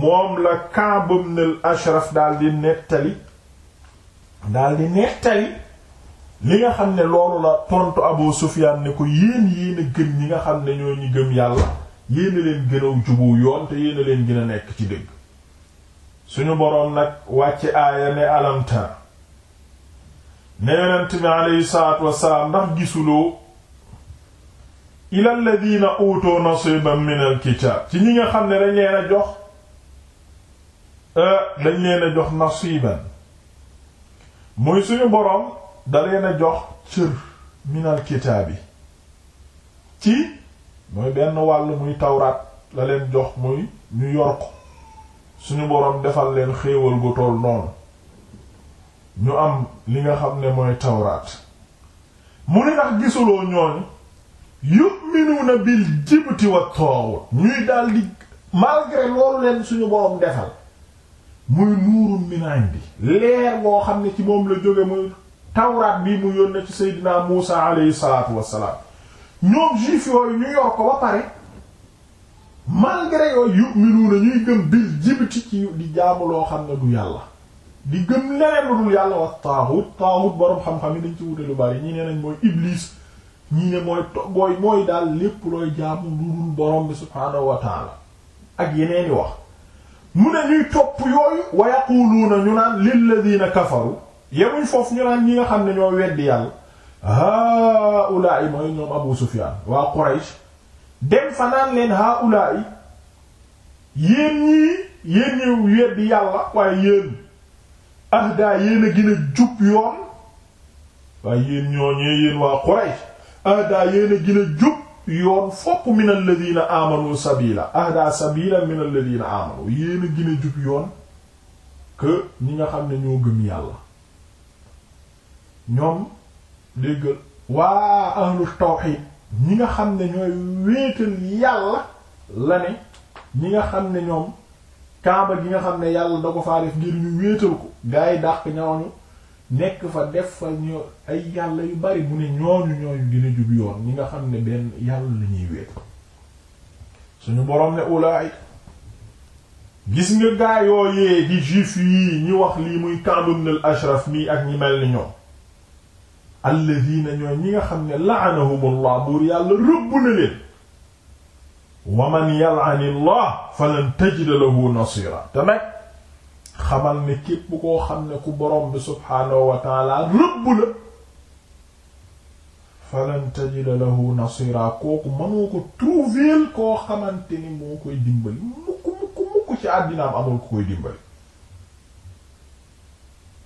moom la Ka'b ibn al-Ashraf daal di nettali daal nettali li nga xam ne loolu la tontu Abu Sufyaan ne ko yéen yéen gën ñi nga xam ne ñoo ñu gëm yàlla yéen a leen gën jubu yoon te yéen leen gën a nekk ci dëgg suñu boroom nag wàcc aaya ne alamta ne yonent bi aleyhi salaatu wasalaam ndax gisuloo ila alladina uutoo nasiban min alkitaab ci ñi nga xam ne dañ leen a jox Euh, dañ leen a jox nasiiban muy suñu boroom da leen jox cër minal kitaabi ci mooy benn wàll muy tawraat la jox muy ñu yor ko suñu boroom defal leen xéewal gu toll noonu ñu am li nga xam ne mooy tawraat mu ne ndax gisuloo ñooñ yu'minuuna bil jibti wat taawut ñuy daldi malgré loolu leen suñu boroom defal muy nuurun min indi leer boo xam ne ci moom la jóge muy tawraat bi mu yónnee ci seydinaa Muusa alayhi salaatu wassalaam ñoom juif yooyu ñu yor ko ba pare malgré yooyu yu'minuuna ñuy gëm bil jibti ci di jaamu loo xam ne du yàlla di gën leneen lu dul yàlla wax taaxut taaxut boroom xam-xam yi dañ ci wute lu bari ñi ne nañ mooy iblis ñi ne mooy to mooy daal lépp looy jaamu lu dul borom bi subhaanahu wa taala ak yeneeni wax mu ne ñuy topp yooyu wa yaquluuna ñu naan lilladina kafaru yemuñ foofu ñu naan ñi nga xam ne ñoo weddi yàlla haulaai mooy ñoom Abu Sufyan waa Quraysh dem fa naan leen haulaai yéen ñii yéen ñëw weddi yàlla waaye yéen ahdaa yéen a gën jub yoon waaye yéen ñooñee yéen waa Quraysh ahdaa yéen a gën jub yoon fopp min alladina amanu sabila ahda sabila min alladina amanu yéen a a jub yoon que ñi nga xam ne ñoo gëm yàlla ñoom déggal waa ahlu tawxid ñi nga xam ne ñooy wéetal yàlla la ne ñi nga xam ne ñoom kaaba gi nga xam ne yàlla da ko faa def ngir ñu wéetal ko gaa yi dàq ñooñu nekk fa def fa ñoo ay yàlla yu bari mu ne ñooñu ñooñu dina jub yoon ñi nga xam ne benn yàlla la ñuy wéet suñu boroom ne ulaay gis nga gaayooyee di juif yii ñi wax lii muy Ka'b ibn ak ñi mel ni ñoom alladina ñooy ñi nga xam ne la'anahumullah buur yàlla rëbb na leen wa man yal'anillah falan tajida lahu nasira te nag xamal ne képp koo xam ne ku borom bi subhaanahu wa rëbb la falan tajida lahu nasira kooku mënoo ko trouver koo xamante ni moo koy dimbali mukk mukk mukk ci àddinaam amul ku koy dimbali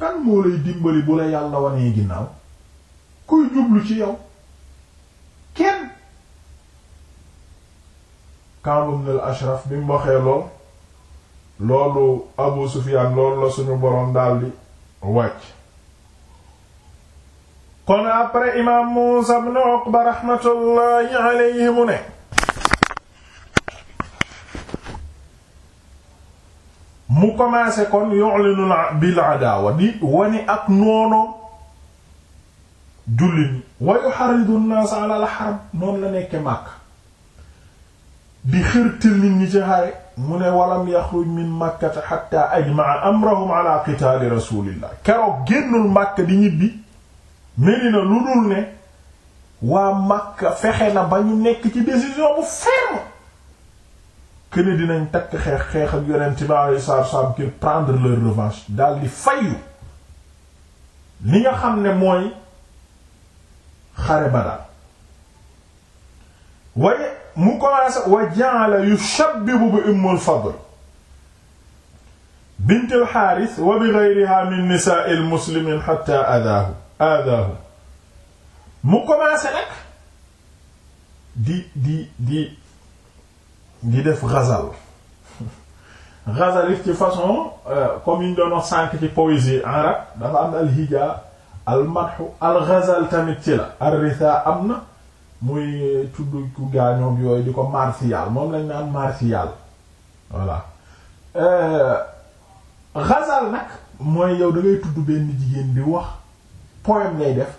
kan moo lay dimbali bu la yàlla wanee ginnaaw kuy jublu ci yow kenn Kaab ibn al Ashraf bi mu loolu Abu Sufyan loolu la suñu boroom daldi wàcc kon après imaam Muusa ibn Uqba raxmatullaahi alayhi mu ne mu commencé kon yu'linu bil adaawa di wani ak noonoom jullit wa yuharridu an-naas ala al-harb noonu la nekke Makka di xërtal nit ñi ci xare mu ne walam yaxruj min makkata xatta ajmaa amrahum ala qitaali rasulillah keroog génnul màkk di ñibbi Medina lu dul ne waa màkk fexe na ba ñu nekk ci décision bu ferme këne dinañ takk xeex xeex ak yonent bi alayhi prendre leur revanche daal di fayu li nga xam ne mooy xare Badar waaye mu commencé wa ja'ala yushabbibu bi ummul fadl bint al xaaris wa bi ghayriha min nisaa al muslimin hatta adaahu adaahu mu commencé nag di di di di def ghazal ghazal it ci façon euh, comme yi ñu doon wax sànq ci poésie arabe dafa am al hija al madh al ghazal tamit ci la ar ritha am na muy euh, tudd ku gaañoom yooyu di ko martial moom lañ naan martial voilà xasal euh, nag mooy yow da tudd benn jigéen di wax poème lay def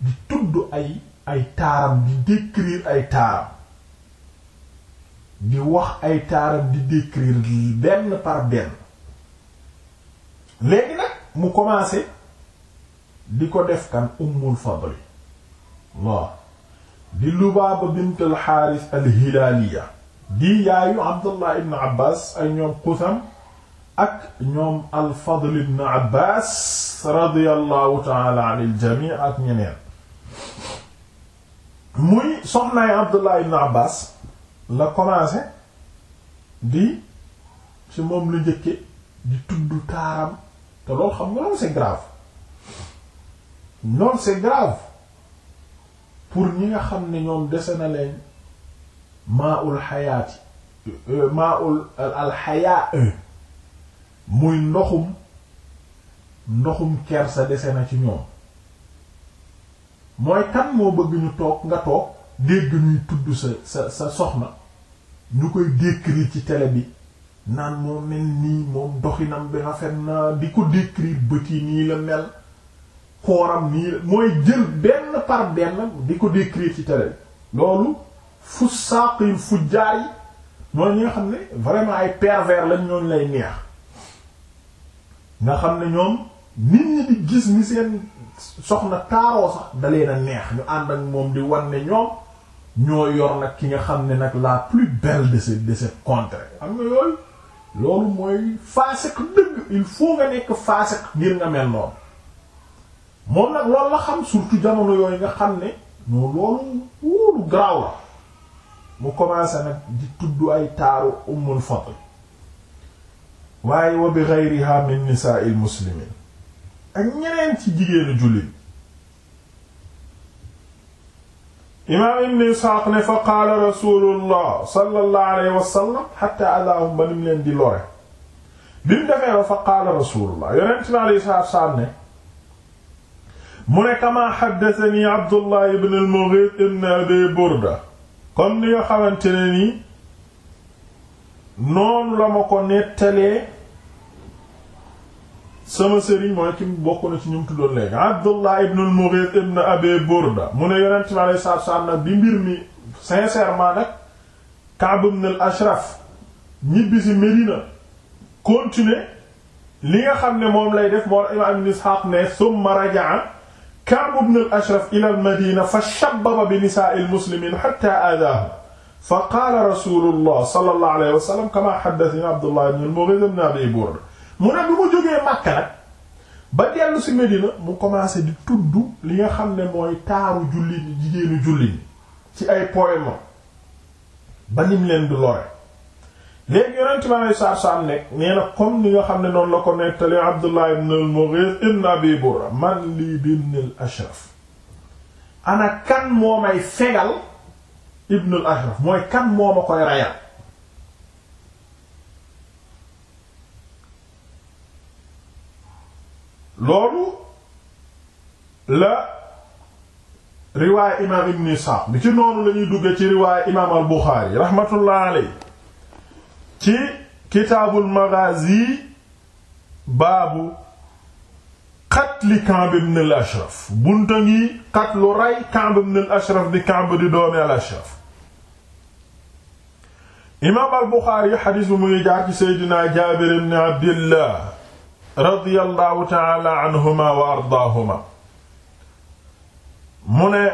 di tudd ay ay taaram di décrire ay taaram di wax ay taaram di décrire benn par benn léegi nag mu commencé di ko def kan ummul fadli waaw di Lubaaba bint al-Haaris al-Hilaaliya di yaayu Abdullah ibn Abbaas ay ñoom Qusam ak ñoom al-Fadl ibn Abbaas radiyallahu ta'ala anil jamii ak ñeneen muy soxnaay Abdullah ibn Abbaas la commencé di ci moom lu njëkke di tudd taaram te loolu xam nga loolu c'est grave loolu c'est grave pour ñi nga xam ne ñoom dese na leen maa ul xayaati euh, maa ul alxayaa euh, muy ndoxum ndoxum sa dese na ci ñoom mooy kan moo bëgg ñu toog nga toog dégg ñuy tudd sa sa soxna ñu koy décrire ci télé bi naan moo mel nii moom doxinam bi rafet na di ko décrire bët yi nii la mel kooram nii mooy jël benn par benn di ko décrire ci télé loolu fu saaqil fu jaay mooy ñi nga xam ne vraiment ay pervers lañ ñooñ lay neex nga xam ne ñoom nit ñi di gis ni seen soxna taaroo sax da leen neex ñu ànd ak moom di wan ne ñoom ñoo yor nag ki nga xam ne nag la plus belle de cette de cette contrée am na yooyu loolu mooy faasek dëgg il faut nga nekk faasek ngir nga mel noonu moom nag loolu la xam surtout jamono yooyu nga xam ne non loolu wóolu garaaw la mu commencé nag di tudd ay taaru ummul fadl waaye wa bi ghayriha min nisaa'il muslimin ak ñeneen ci jigéenu jullit imaam ibn Isxaaq ne fa qaala rasulullah sallallahu alayhi wa sallam hatta ba nim leen di lore bi mu defee fa qaala rasulullah yonent bi alayhi salaatu wa salaam ne mu ne kamaa xaddasani Abdullah ibn al-Mughith ibn Abi Burda comme ni nga xamante ne nii noonu la ma ko nettalee sama sëriñ mooy ci bokk na ci ñu mu tuddoon léegi Abdullah ibn al ibn Abi Burda mu ne yonent mi alayhi salaatu salaam nag bi mbir mi sincèrement nag Ka'b ibn ashraf ñibbi si Medina continuer li nga xam ne moom lay def moo imaam Ibn Ishaq ne summa raja'a Ka'b ibn al-Ashraf ila al-Madina fa shabbaba bi nisaa'i al-muslimiin hattaa aadaahu fa qaala rasuulullah sallallahu alayhi wa sallam kamaa haddathanaa Abdullah ibn al-Mughith ibn Abi Burda mu ne bu ma jógee Makka nag ba dellu ci Medina mu commencé di tudd li nga xam ne mooy taaru jullit jigéenu jullit ci ay poème ba nim leen di lore. léegi yonent bi alei saatu salaam nekk nee na comme ni nga xam ne noonu la ko nettali Abdullah ibn al-Mughith Abi Burda man lii ibn al-Ashraf ana kan moo may fegal ibn ashraf mooy kan moo ma koy reyal loolu la riwaaya imaam ibn Isaaq bi ci noonu la ñuy duggee ci riwaaya imaam al-Bukhari rahmatullah alayhi ci kitaabul maghazi baabu qatli Ka'b ibn al-Ashraf bunta ngi qatlu rey Ka'b ibn al-Ashraf di Ka'b di doomi al-Ashraf imaam al-Buxaari yi xadiis bi mu ngi jaar ci seydina Jaabir ibn Abdillah radiyallahu ta'ala anhuma wa ardaahuma mu ne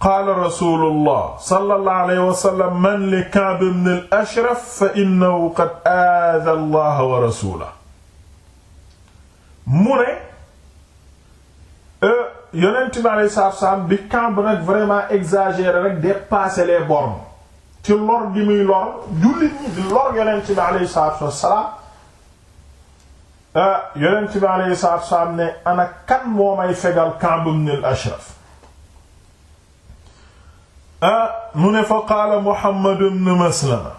qaala rasulullah sallallahu alayhi wa sallam man li Ka'b ibn al-Ashraf fa innahu qad aadha Allah wa rasulahu mu ne euh, yonent bi alayhi salaatu salaam bi Ka'b nag vraiment exagéré rek dépasser les bornes ci lor gi muy lor jullit ñi di lor yonent bi alayhi salaatu salaam euh, yonent bi alayhi salaatu salaam ne ana kan moo may fegal Ka'b ibn al-Ashraf ah mu ne fa qaala Muhammad ibn Maslama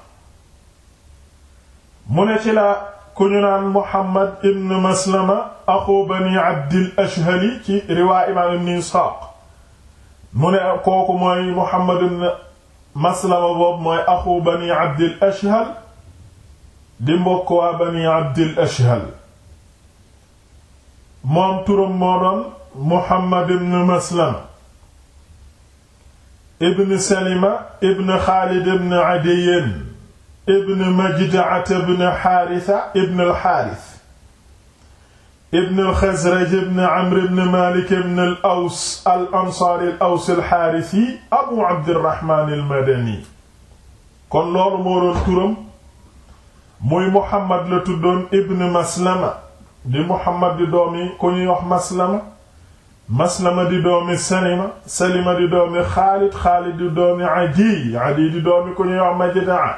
mu ne ci la ku ñu naan Muhammad ibn Maslama axu bani Abdil Ashhali ci riwaa imaam ibn Isxaaq mu ne kooku mooy Muhammad ibn Maslama boobu mooy axu bani Abdil Ashhal di mbokk waa bani Abdil Ashhal moom turam moo doon Muhammad ibn Maslama ibn salima ibn xaalid ibn adiyin ibn majdaat ibn xaarisa ibn alxaaris ibn alxasraj ibn amr ibn malik ibn al aws al ansaari al aws alxaarisi abu abdirahmaan almadani kon loolu moo doon turam muy muhammad la tuddoon ibn maslama di muhammad di doomi ku ñuy wax maslama maslama di doomi salima salima di doomi xaalid xaalid di doomi adiy adiy di doomi ku ñuy wax majdaa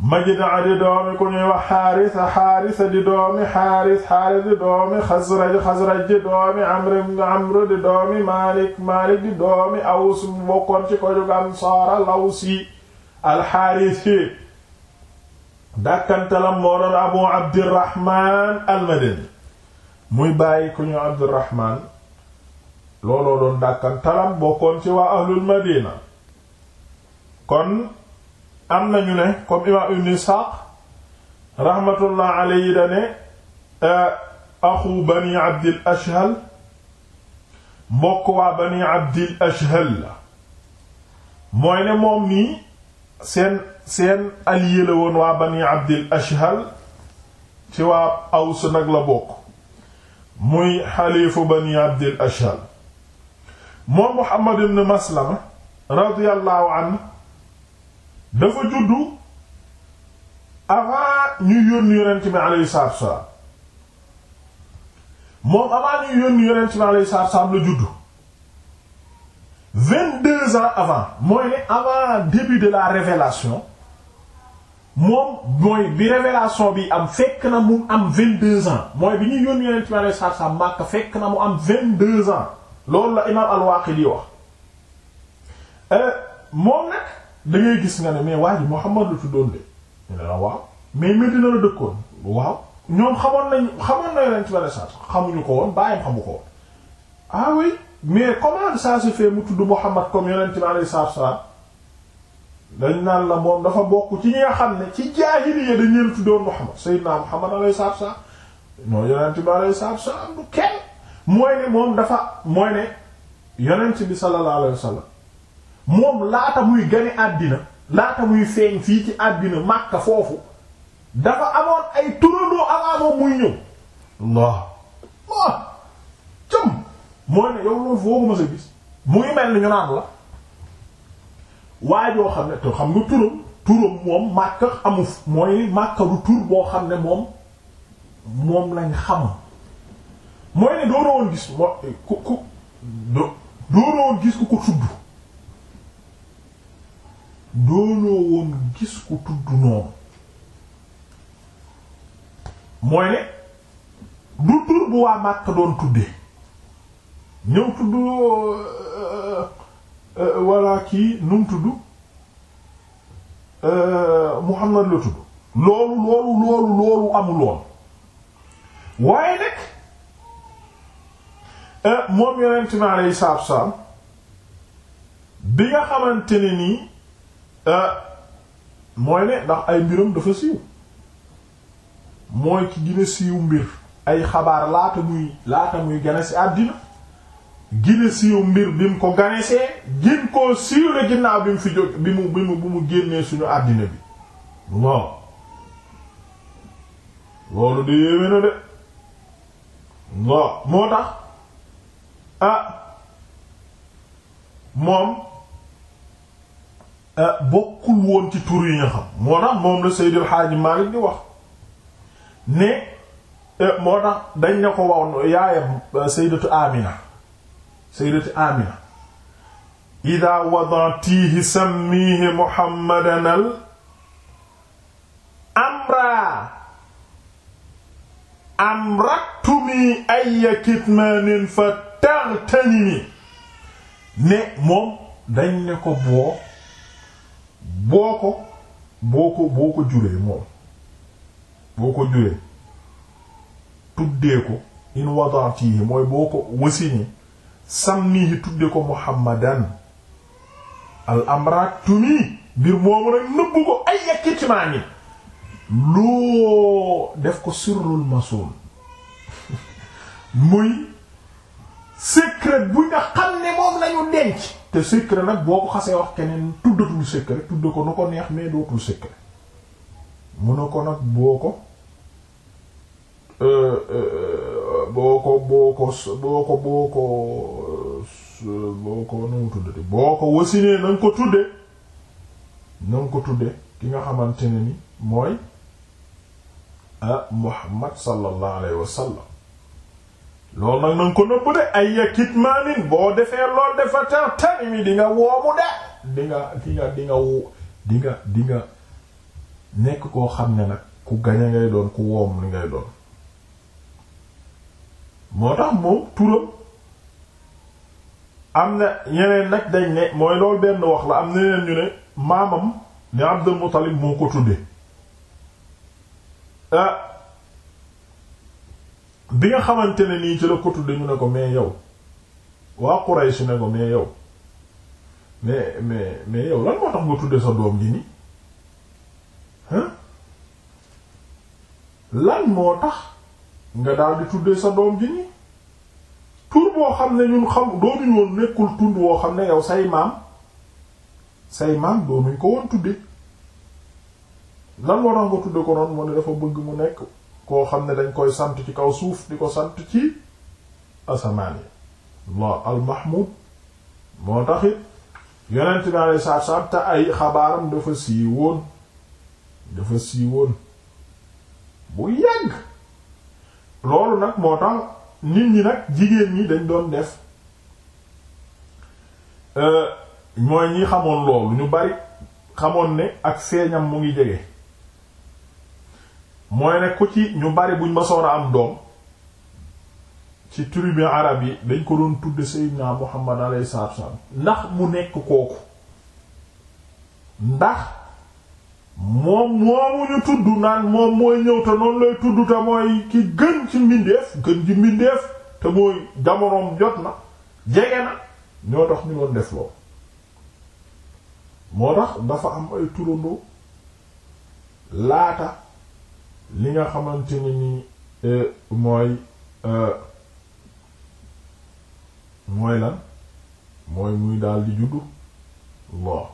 majdaa di doomi ku ñuy wax xaarisa xaarisa di doomi xaaris xaaris di doomi xasraj xasraj di doomi amr amr di doomi maalik maalik di doomi aws bokkoon ci ko jóg ansaar alawsi alxaarisi dàkkantalam moo doon abu abdirahman almadani muy bàyyi ku ñu abdirahman looloo doon dàkkan talam bokkoon ci waa ahlul madina kon am nañu ne comme imam ibn isxaaq rahmatullah alayhi dane eh, axu bani abdil ashhal mbokk waa bani abdil ashhal la mooy ne moom nii seen seen allié la waa bani abdil ashhal ci waa aws nag la bokk muy xaliifu bani abdil ashhal moom Muhammad ibn Maslama radiyallahu anhu dafa juddu avant ñu yónni yonent bi alayhi salaatu wassalaam moom avant ñu yónni yonent bi alayhi salaatu la juddu vingt-deux ans avant mooy ne avant début de la révélation moom mooy bi révélation bi am fekk na mu am vingt-deux ans mooy bi ñuy yónni yonent bi alayhi salaatu wassalaam fekk na mu am vingt-deux ans loolu la imaam al-Waaqidi wax eh, moom nag da gis nga ne mais waa ji Muhammad la tuddoon de ñu ne la waaw mais Medina la dëkkoon waaw ñoom xamoon nañ xamoon nañ leen ci benn sens xamuñu ko woon xamu ko woon ah oui mais comment ça se fait mu comme yonent bi alayhi salaatu wa salaam dañ naan la moom dafa bokk ci ñi nga xam ne ci jaahiliya dañ leen tuddoon Muhammad Sayyidina Muhammad alayhi salaatu wa salaam non yonent bi alayhi salaatu wa kenn mooy ne moom dafa mooy ne yonent bi sallallahu alayhi wa sallam moom laata muy gane àddina laata muy feeñ fii ci àddina Makka foofu dafa amoon ay turandoo avant muy ñëw Allah Allah mooy ne yow loolu foo ko mës gis mu ngi mel ni naan la waaye joo xam ne te xam nga turam turam moom Makka amuf mooy Makka tur boo xam ne moom moom lañ xam mooy ne doona woon gis moo ku ku doona woon gis ku tudd doonoo woon gis ku tudd noonu mooy ne du tur bu waa Màkka doon tuddee ñëw tudd euh, euh, euh, walla kii nu mu tudd la tudd loolu loolu loolu loolu amuloon waaye nag Eh, moom yonent mi alayhi salaatu wassalaam bi nga xamante ni nii eh, mooy ne ndax ay mbiram dafa siiw mooy ki gën siiw mbir ay xabaar laata muy laata muy gane si àddina gën siiw mbir bi mu ko ganesee gën koo siiw la ginnaaw bi mu fi jóg bi mu bi mu bi mu génnee suñu àddina bi waaw loolu de yéeme na de moo tax Ah, moom ah, bokkul woon ci tur yi nga xam la Seydil Hadji Malick wax ne eh, moo tax dañ ne ko woon yaayam eh, Sayyidatu Amina Sayyidatu Amina ida wadatihi sammihi Muhammadan al amra amratumi ay kitmanin fat yaghtanini ne moom dañ ne ko boo boo ko boo ko boo ko juree moom boo ko juree tuddee ko in wadatihi mooy boo ko wasini sammihi tudde ko muhammadan al amrak tumi mbir moomu nag nëbbu ko ay yakitimaa ni loo def ko sirrul masul muy secret bu nga xam ne moom lañu denc te secret nag boo ko xasee wax keneen tuddatul secret tudd ko nu ko neex mais dootul secret mu ne ko nag boo ko euh, euh, boo ko boo ko boo ko boo ko euh, ko mu tuddati boo ko wasinee na ko tudde na ko tudde ki nga xamante ne ni mooy ah Muhammad sallallahu alayhi wa sallam loolu nag nanga ko nëbb de ay yakit maanin boo defee lool defa tan tani mi di nga woomu de di nga di nga di nga nekk koo xam ne nag ku gañe ngay doon ku woom li ngay doon moo tax moom turam am na ñeneen nag dañ ne mooy loolu benn wax la am na ñeneen ñu ne maamam ni Abdul Muttalib moo ko tudde ah, bi nga xamante ne nii ci la ko tudde ñu ne ko mais yow waa Quraysh ne ko mais yow mais mais mais yow lan moo tax nga tudde sa doom ji nii hein moo tax nga daal di tudde sa doom ji nii tur boo xam ne ñun xam doonuñ woon nekkul tund woo xam ne yow say maam say maam doonuñ ko woon tudde lan moo tax nga tudde ko noonu moo ne dafa bëgg mu nekk koo xam ne dañ koy sant ci kaw suuf di ko sant ci asamaan yi Allah al moo taxit yonent bi alayhi salaatu salaam te ay xabaaram dafa siiwoon dafa woon bu yàgg loolu nag moo tax nit ñi nag jigéen ñi dañ doon def euh, mooy ñi xamoon loolu ñu bari xamoon ne ak feeñam mu ngi jege mooy ne ku ci ñu bari buñ masoon a am doom ci tribu arab yi dañ ko doon tudd Seydina Muhammad alayhi salaatu wasallam ndax mu nekk kooku ndax moom moomu ñu tudd naan moom mooy ñëw te noonu lay tudd te mooy ki gën ci mbindeef gën ci mbindeef te mooy jamonoom jot na jege na ñoo tax ñu doon def loolu moo tax dafa am ay turandoo laata li nga xamante ne ni euh, mooy euh, mooy lan mooy muy daal di juddu Allah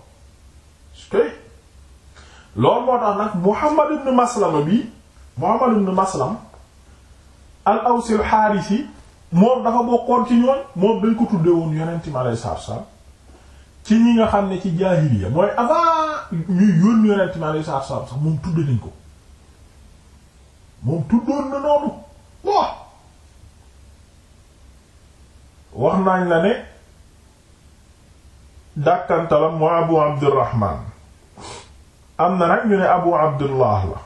kay loolu moo tax nag Muhammad ibn Maslama bi Muhammad ibn Maslam al Awsi al Haarisi moom dafa bokkoon ci ñooñ moom dañ ko tudde woon yonent mi alayhi salaatu salaam ci ñi nga xam ne ci jaahiliya mooy avant ñuy yónni yonent mi alayhi salaatu salaam sax moom tudde nañ ko moom tuddoon na noonu waaw wax nañ la ne dàkkantalam moo abu abdurrahman am na abu abdullah la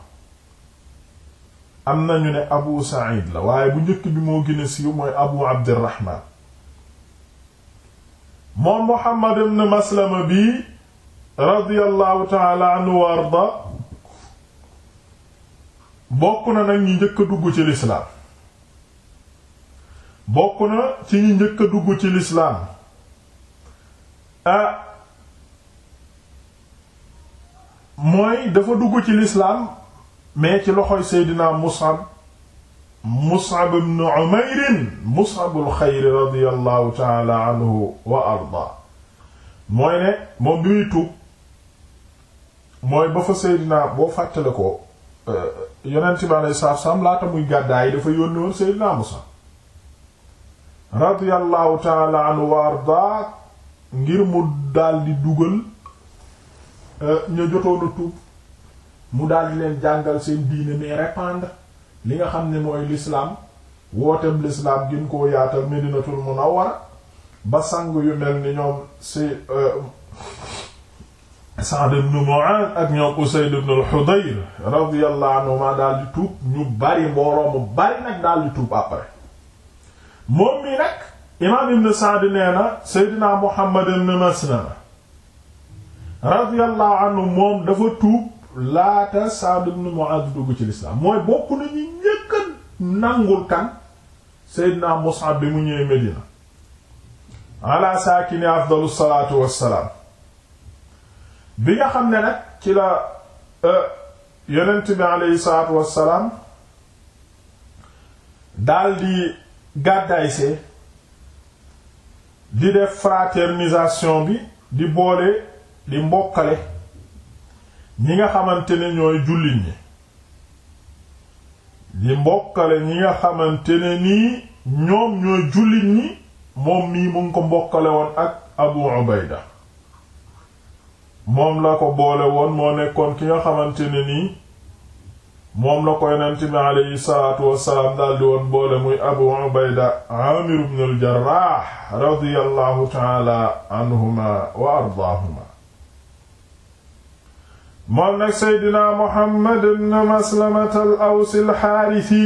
am na ñu abu sa'id la waaye bu njëkk bi moo gën a siiw mooy abu abdurrahman moom muhammad ibn maslama bi radiyallahu ta'ala anhu wa arda bokk na nag ñi njëkk dugg ci lislaam bokk na ci njëkk a dugg ci lislaam ah mooy dafa dugg ci lislaam mais ci loxoy seydina musab musab ibn umayr musabul xayri radiyallahu taala anhu wa arda mooy ne moom bi muy tuub mooy ba fa seydina boo fàttale ko eh, te yonent a alayhi salaatu salaam laata muy gàddaay dafa yónni woon Seydina Musa radiyallahu taala anhu ngir mu daldi dugal euh, ñu jotoon a tuub mu daldi leen jàngal seen diine mais répandre li nga xam ne mooy l'islam wooteem l'islam gën koo yaatal Medinatul Munawwara ba sang yu mel ni ñoom si Sa'd ibn Mu'adh ak ñoom Usayd ibn al-Hudayr radiyallahu anhuma daal di tuub ñu bari mbooloo bari nag daal di tuub après moom mi nag imaam ibn Sa'd nee na Seydina Muhammad ibn Maslama radiyallahu anhu moom dafa tuub laata Sa'd ibn Mu'adh dugg ci lislaam mooy bokk nañu ñëkk a nangul kan Seydina Mus'ab bi mu ñëwee Medina ala saakini afdalu salaatu wassalaam bi nga xam ne nag ci la euh, yonent bi aleyhi salaatu wassalaam daldi gàddaay see di def fraternisation bi di boole di mbokkale ñi nga xamante ne ñooy jullit ñi di mbokkale ñi nga xamante ne nii ñoom ñooy jullit ñi moom mii mu ngi ko mbokkale woon ak Abu Ubayda moom la ko boole woon moo nekkoon ki nga xamante ne nii moom la ko yonent bi aleyhi salaatu wassalaam daldi woon boole muy abu ubayda aamir ibn al jarrah radiyallahu taala anhuma wa ardaahuma moom nag seydina muhammad ibn maslamat al awsi al xaarisi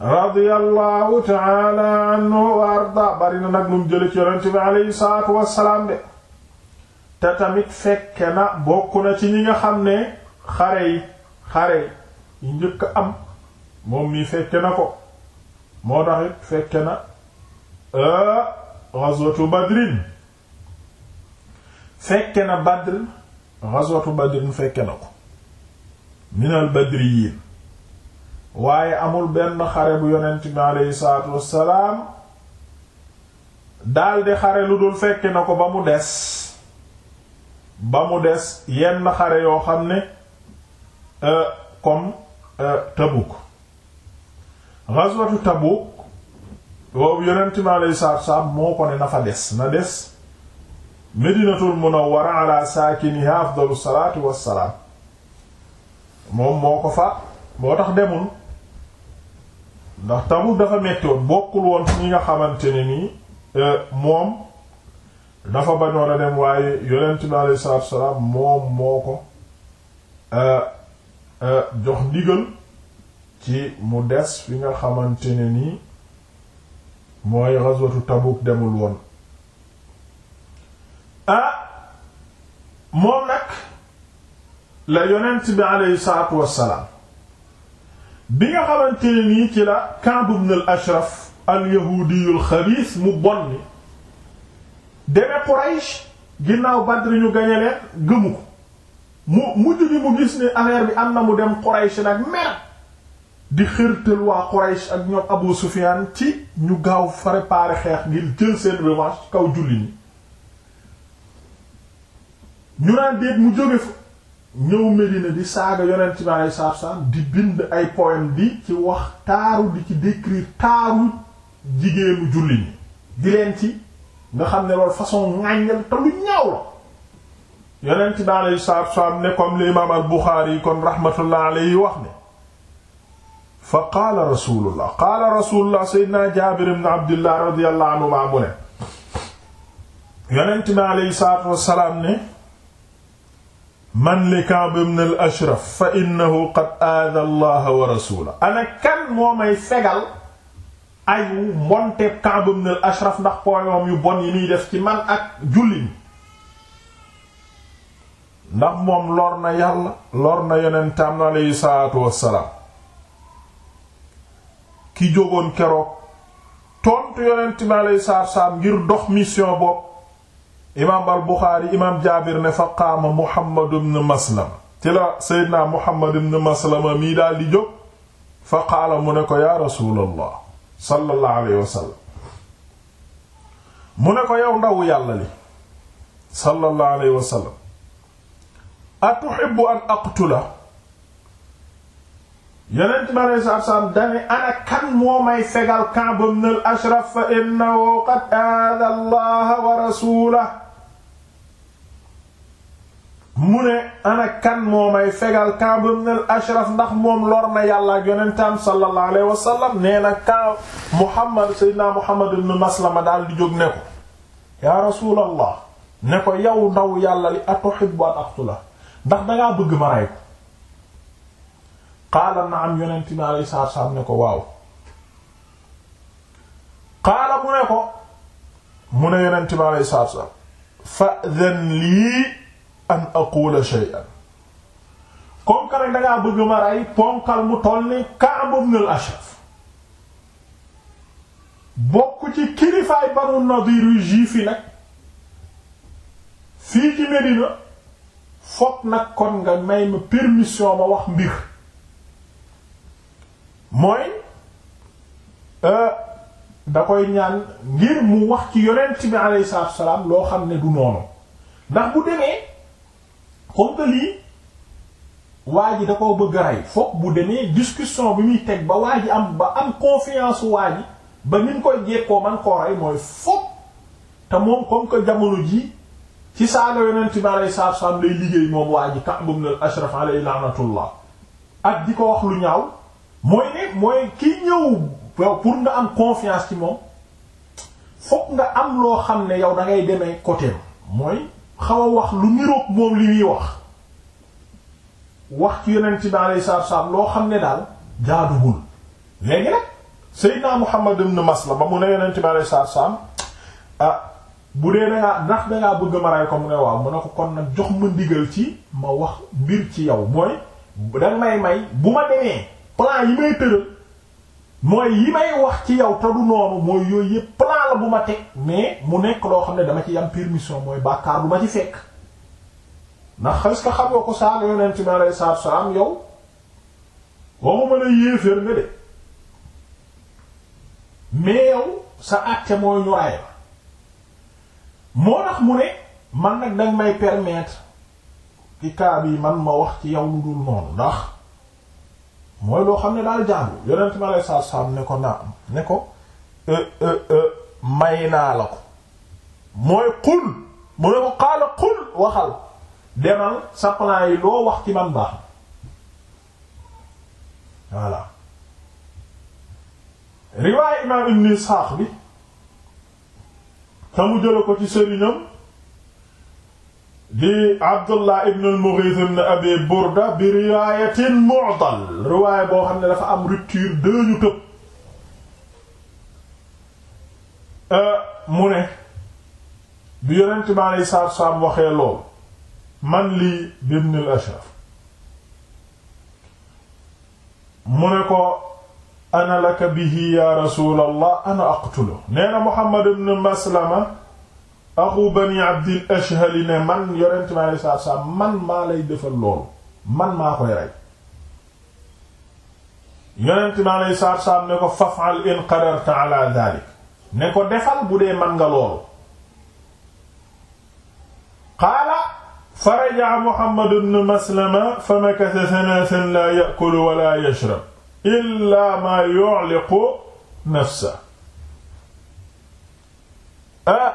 radiyallahu taala anhu wa arda bari na nag lu mu jële ci yonent bi aleyhi salaatu wassalaam de te tamit fekke na bokk na ci ñi nga xam ne xare yi xare yi njëkk am moom mi fekke na ko moo tax fekke na ghazwatu badrin fekke na badr ghazwatu badrin fekke na ko minal badriyin waaye amul benn xare bu yonent bi aleyhi salaatu wassalaam daldi xare lu dul fekke na ko ba mu des ba mu des yenn xare yoo xam ne euh, comme euh, Tabuk ghazwatu Tabuk boobu yonent mi alayhi salaatu wassalaam moo ko ne na fa des na des Medinatul Munawwara ala saakinihaa afdalu salaatu wassalaam moom moo ko fa moo tax demul ndax Tabuk dafa mettoon bokkul woon fi ñi nga xamante ne nii euh, moom dafa bañoon a dem waaye yonent bi alayhi salaam moom moo ko euh, euh, jox ndigal ci mu des fi nga xamante ne nii mooy ghazwatu Tabuk demul woon ah moom nag la yonent bi alayhi salaatu wassalaam bi nga xamante ne ci la Ka'b ibn ashraf al-Yahudi al-khabith mu bon ni deme Quraysh ginnaaw Badr ñu gañe leen gëmu ko mu mujj bi mu gis ne affaire bi am na mu dem Quraysh nag mer di xërtal waa Quraysh ak ñoom Abu Sufyan ci ñu gaaw préparer xeex ngir jël seen revanche ci kaw julli ñi ñu naan déet mu jóge fa ñëw Medina di saaga yonent bi alei saatu salaam di bind ay poème bi ci wax taaru di ci décrire taaru jigéenu julli ñi di leen ci nga xam ne loolu façon ŋàññal te lu ñaaw la yonent bi aleyhi salaatu wasalaam ne comme li imaam al Buxaari kon rahmatullah aleyhi wax ne fa qaala rasulullah qaala rasulullah seydina jaabir ibn abdillah radiyallahu anhuma mu ne yonent bi aleyhi salaatu wasalaam ne man li Ka'b ibn al Ashraf fa innahu qad aada allaha wa rasulahu ana kan moo may fegal ayu mbonte kambam nal ashraf ndax pooyoom yu bon yi muy def ci man ak jullit ndax moom lor na yàlla lor na yonentam na wassalaam ki jógoon keroog tontu yonent mi aleyhi salaatu ngir dox mission bopp imaam al Buxaari imaam Jaabir ne fa qaama Muhammad ibn Maslama ci la Seydina Muhammad ibn Maslama mii daal di jóg fa qaala mu ne ko yaa rasuulallah sallallahu alayhi wa sallam mu ne ko yow ndawu yàlla li sallallahu alayhi wa sallam atuhibbu an aqtula yonent bi alayhi salaatu wa salaam dane ana kan moo may fegal Ka'b ibn al-Ashraf fa innahu qad aada allaha wa rasulahu mu ne ana kan moo may fegal Kaab ibn al-Ashraf ndax moom lor na yàlla ak yonentam sallallahu alayhi wa sallam nee na Kaab Muhammad Seydina Muhammad ibn Maslama daal di jóg ne ko yaa rasuulallah ne ko yow ndaw yàlla li atuhibbu an aqtula ndax dangaa bëgg ma rey ko qaala na'am yonent bi alayhi salaatu wa salaam ne ko waaw qaala mu ne ko mu ne yonent bi alayhi salaatu wa salaam fa'dhan lii an aqula shay'an comme que rek bëgg ma rey ponkal mu toll ni Ka'b ibn ashraf bokk ci kilifaay Banu Nadir juif yi nag fii ci Medina foog nag kon nga may ma permission ma wax mbir mooy euh, da koy ñaan ngir mu wax ci yonent bi alayhi salaam loo xam ne du noonu ndax bu demee comme que lii waa ji da koo bëgg rey foog bu demee discussion bi muy teg ba waa ji am ba am confiance waa ji ba ni mu koy jekkoo man koo rey mooy foog te moom comme que jamono jii ci saaga yonent bi alayhi salaatu salaam lay liggéey moom waa ji Ka'b ibn al-Ashraf alayhi la'natullah ak di ko wax lu ñaaw mooy ne mooy kiy ñëw pour nga am confiance ci moom foog nga am loo xam ne yow dangay ngay demee côté mooy xaw a wax lu niroog moom li muy wax wax ci yonent bi alayhi salaatu loo xam ne daal jaaduwul léegi nag Seydina Muhammad ibn Masla ba mu ne yonent bi alayhi salaatu salaam ah, bu dee dangaa ndax dangaa bëgg ma rey ko mu ne waaw mu ne ko kon nag jox ma ndigal ci ma wax mbir ci yow mooy danga may may bu ma demee plan yi may tëral mooy yi may wax ci yow te du noonu mooy yooyu yëpp plan la bu ma teg mais mu nekk loo xam ne dama ci am permission mooy bàkkaar bu ma ci fekk ndax est-ce que xamoo ko saaga yonent mi alayhi salaatu salaam yow waxuma la yéeféer nga sa àtte mooy ñu raay la moo tax mu ne man nag danga may permettre ci cas bi man ma wax ci yow lu dul noonu ndax mooy loo xam ne daal jaabu yonent mi alei saatu salaam ne ko naa ne ko euh, euh, euh, may naa la ko mooy xul mu ne ko xaala xul waxal demal sa plan yi loo wax ci man baax voilà riwaaya imaam ibn Isxaaq bi te mu jëla ko ci sëriñam bi Abdullah ibn al-Mughith ibn Abi Burda bi riwaayatin mu'dal riwaaya boo xam ne dafa am rupture deux ñu tëb euh, mu ne bi yonent bi aleyhi salaatu wa salaam waxee lool man lii bi ibn al-Ashraf mu ne ko ana laka bihi ya rasulallah ana aqtulu nee na Muhammad ibn Maslama axu bani abdil ashhali ne man yonent mi alei satu salaam man maa lay defal loolu man maa koy rey yonent mi alei satu salaam ne ko fafal in qadarta ala dalik ne ko defal bu dee man nga loolu qaala fa raja'a Muhammad ibn Maslama fa makatha thalathan la ya'kulu wa la yashrab illa ma yu'liqu nafsahu ah,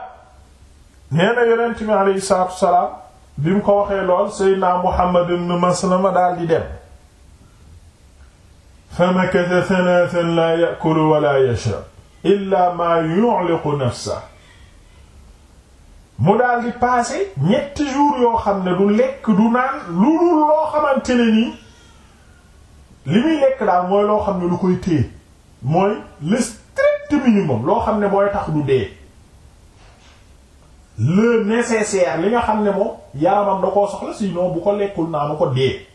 nee na yonent mi aleyhi salaatu wasalaam bi mu ko waxee lool seydna Muhammad ibn ma daal di dem fa makatha thalathan laa ya'kulu wa laa yashrab illaa maa yu'liqu nafsahu mu daal di passé ñetti jours yoo xam ne du lekk du naan lu dul loo xamante ne li muy lekk daal mooy loo xam ne lu koy téye mooy le minimum loo xam ne mooy tax du dee li nga xam ne moom yaramam da koo soxla sinon bu ko lekkul naanu ko dee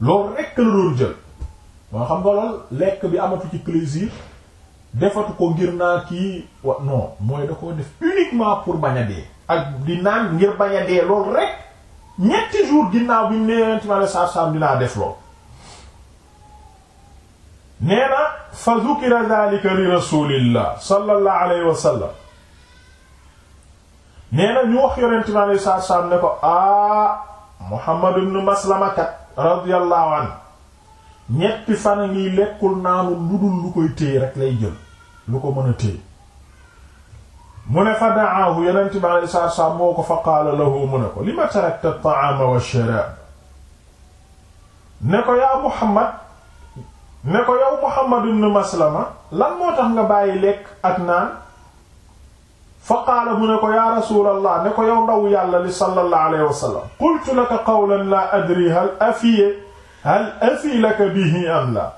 loolu rekk la doon jël moo xam nga lekk bi amatu ci plaisir defatu ko ngir naa kii wa non mooy da koo def uniquement pour baña a dee ak di naan ngir bañ a dee loolu rek ñetti jours ginnaaw bi neenanti ma la saar-saam dinaa def lool nee na fa zukira zalika li rasulillah sallallahu alayhi wa nee na ñu wax yonent bi alayhi salaatu salaam ne ko ah Muhammad ibn Maslama kat radiyallahu anhu ñetti fan ngi lekkul naanu lu dul lu koy téye rek lay jël lu ko mën a téye mu ne fa da'aahu yonent bi alayhi salaatu salaam ko fa qaala lahu mu ne ko lima tarakta at wa sharaab ne ko yaa Muhammad ne ko yow Muhammad ibn Maslama lan moo tax nga bàyyi lekk ak naan fa qaala mu ne ko yaa rasulallah ne ko yow ndaw yàlla li sallallahu alayhi wa sallam qultu laka qawlan laa adri hal afi laka bihi am la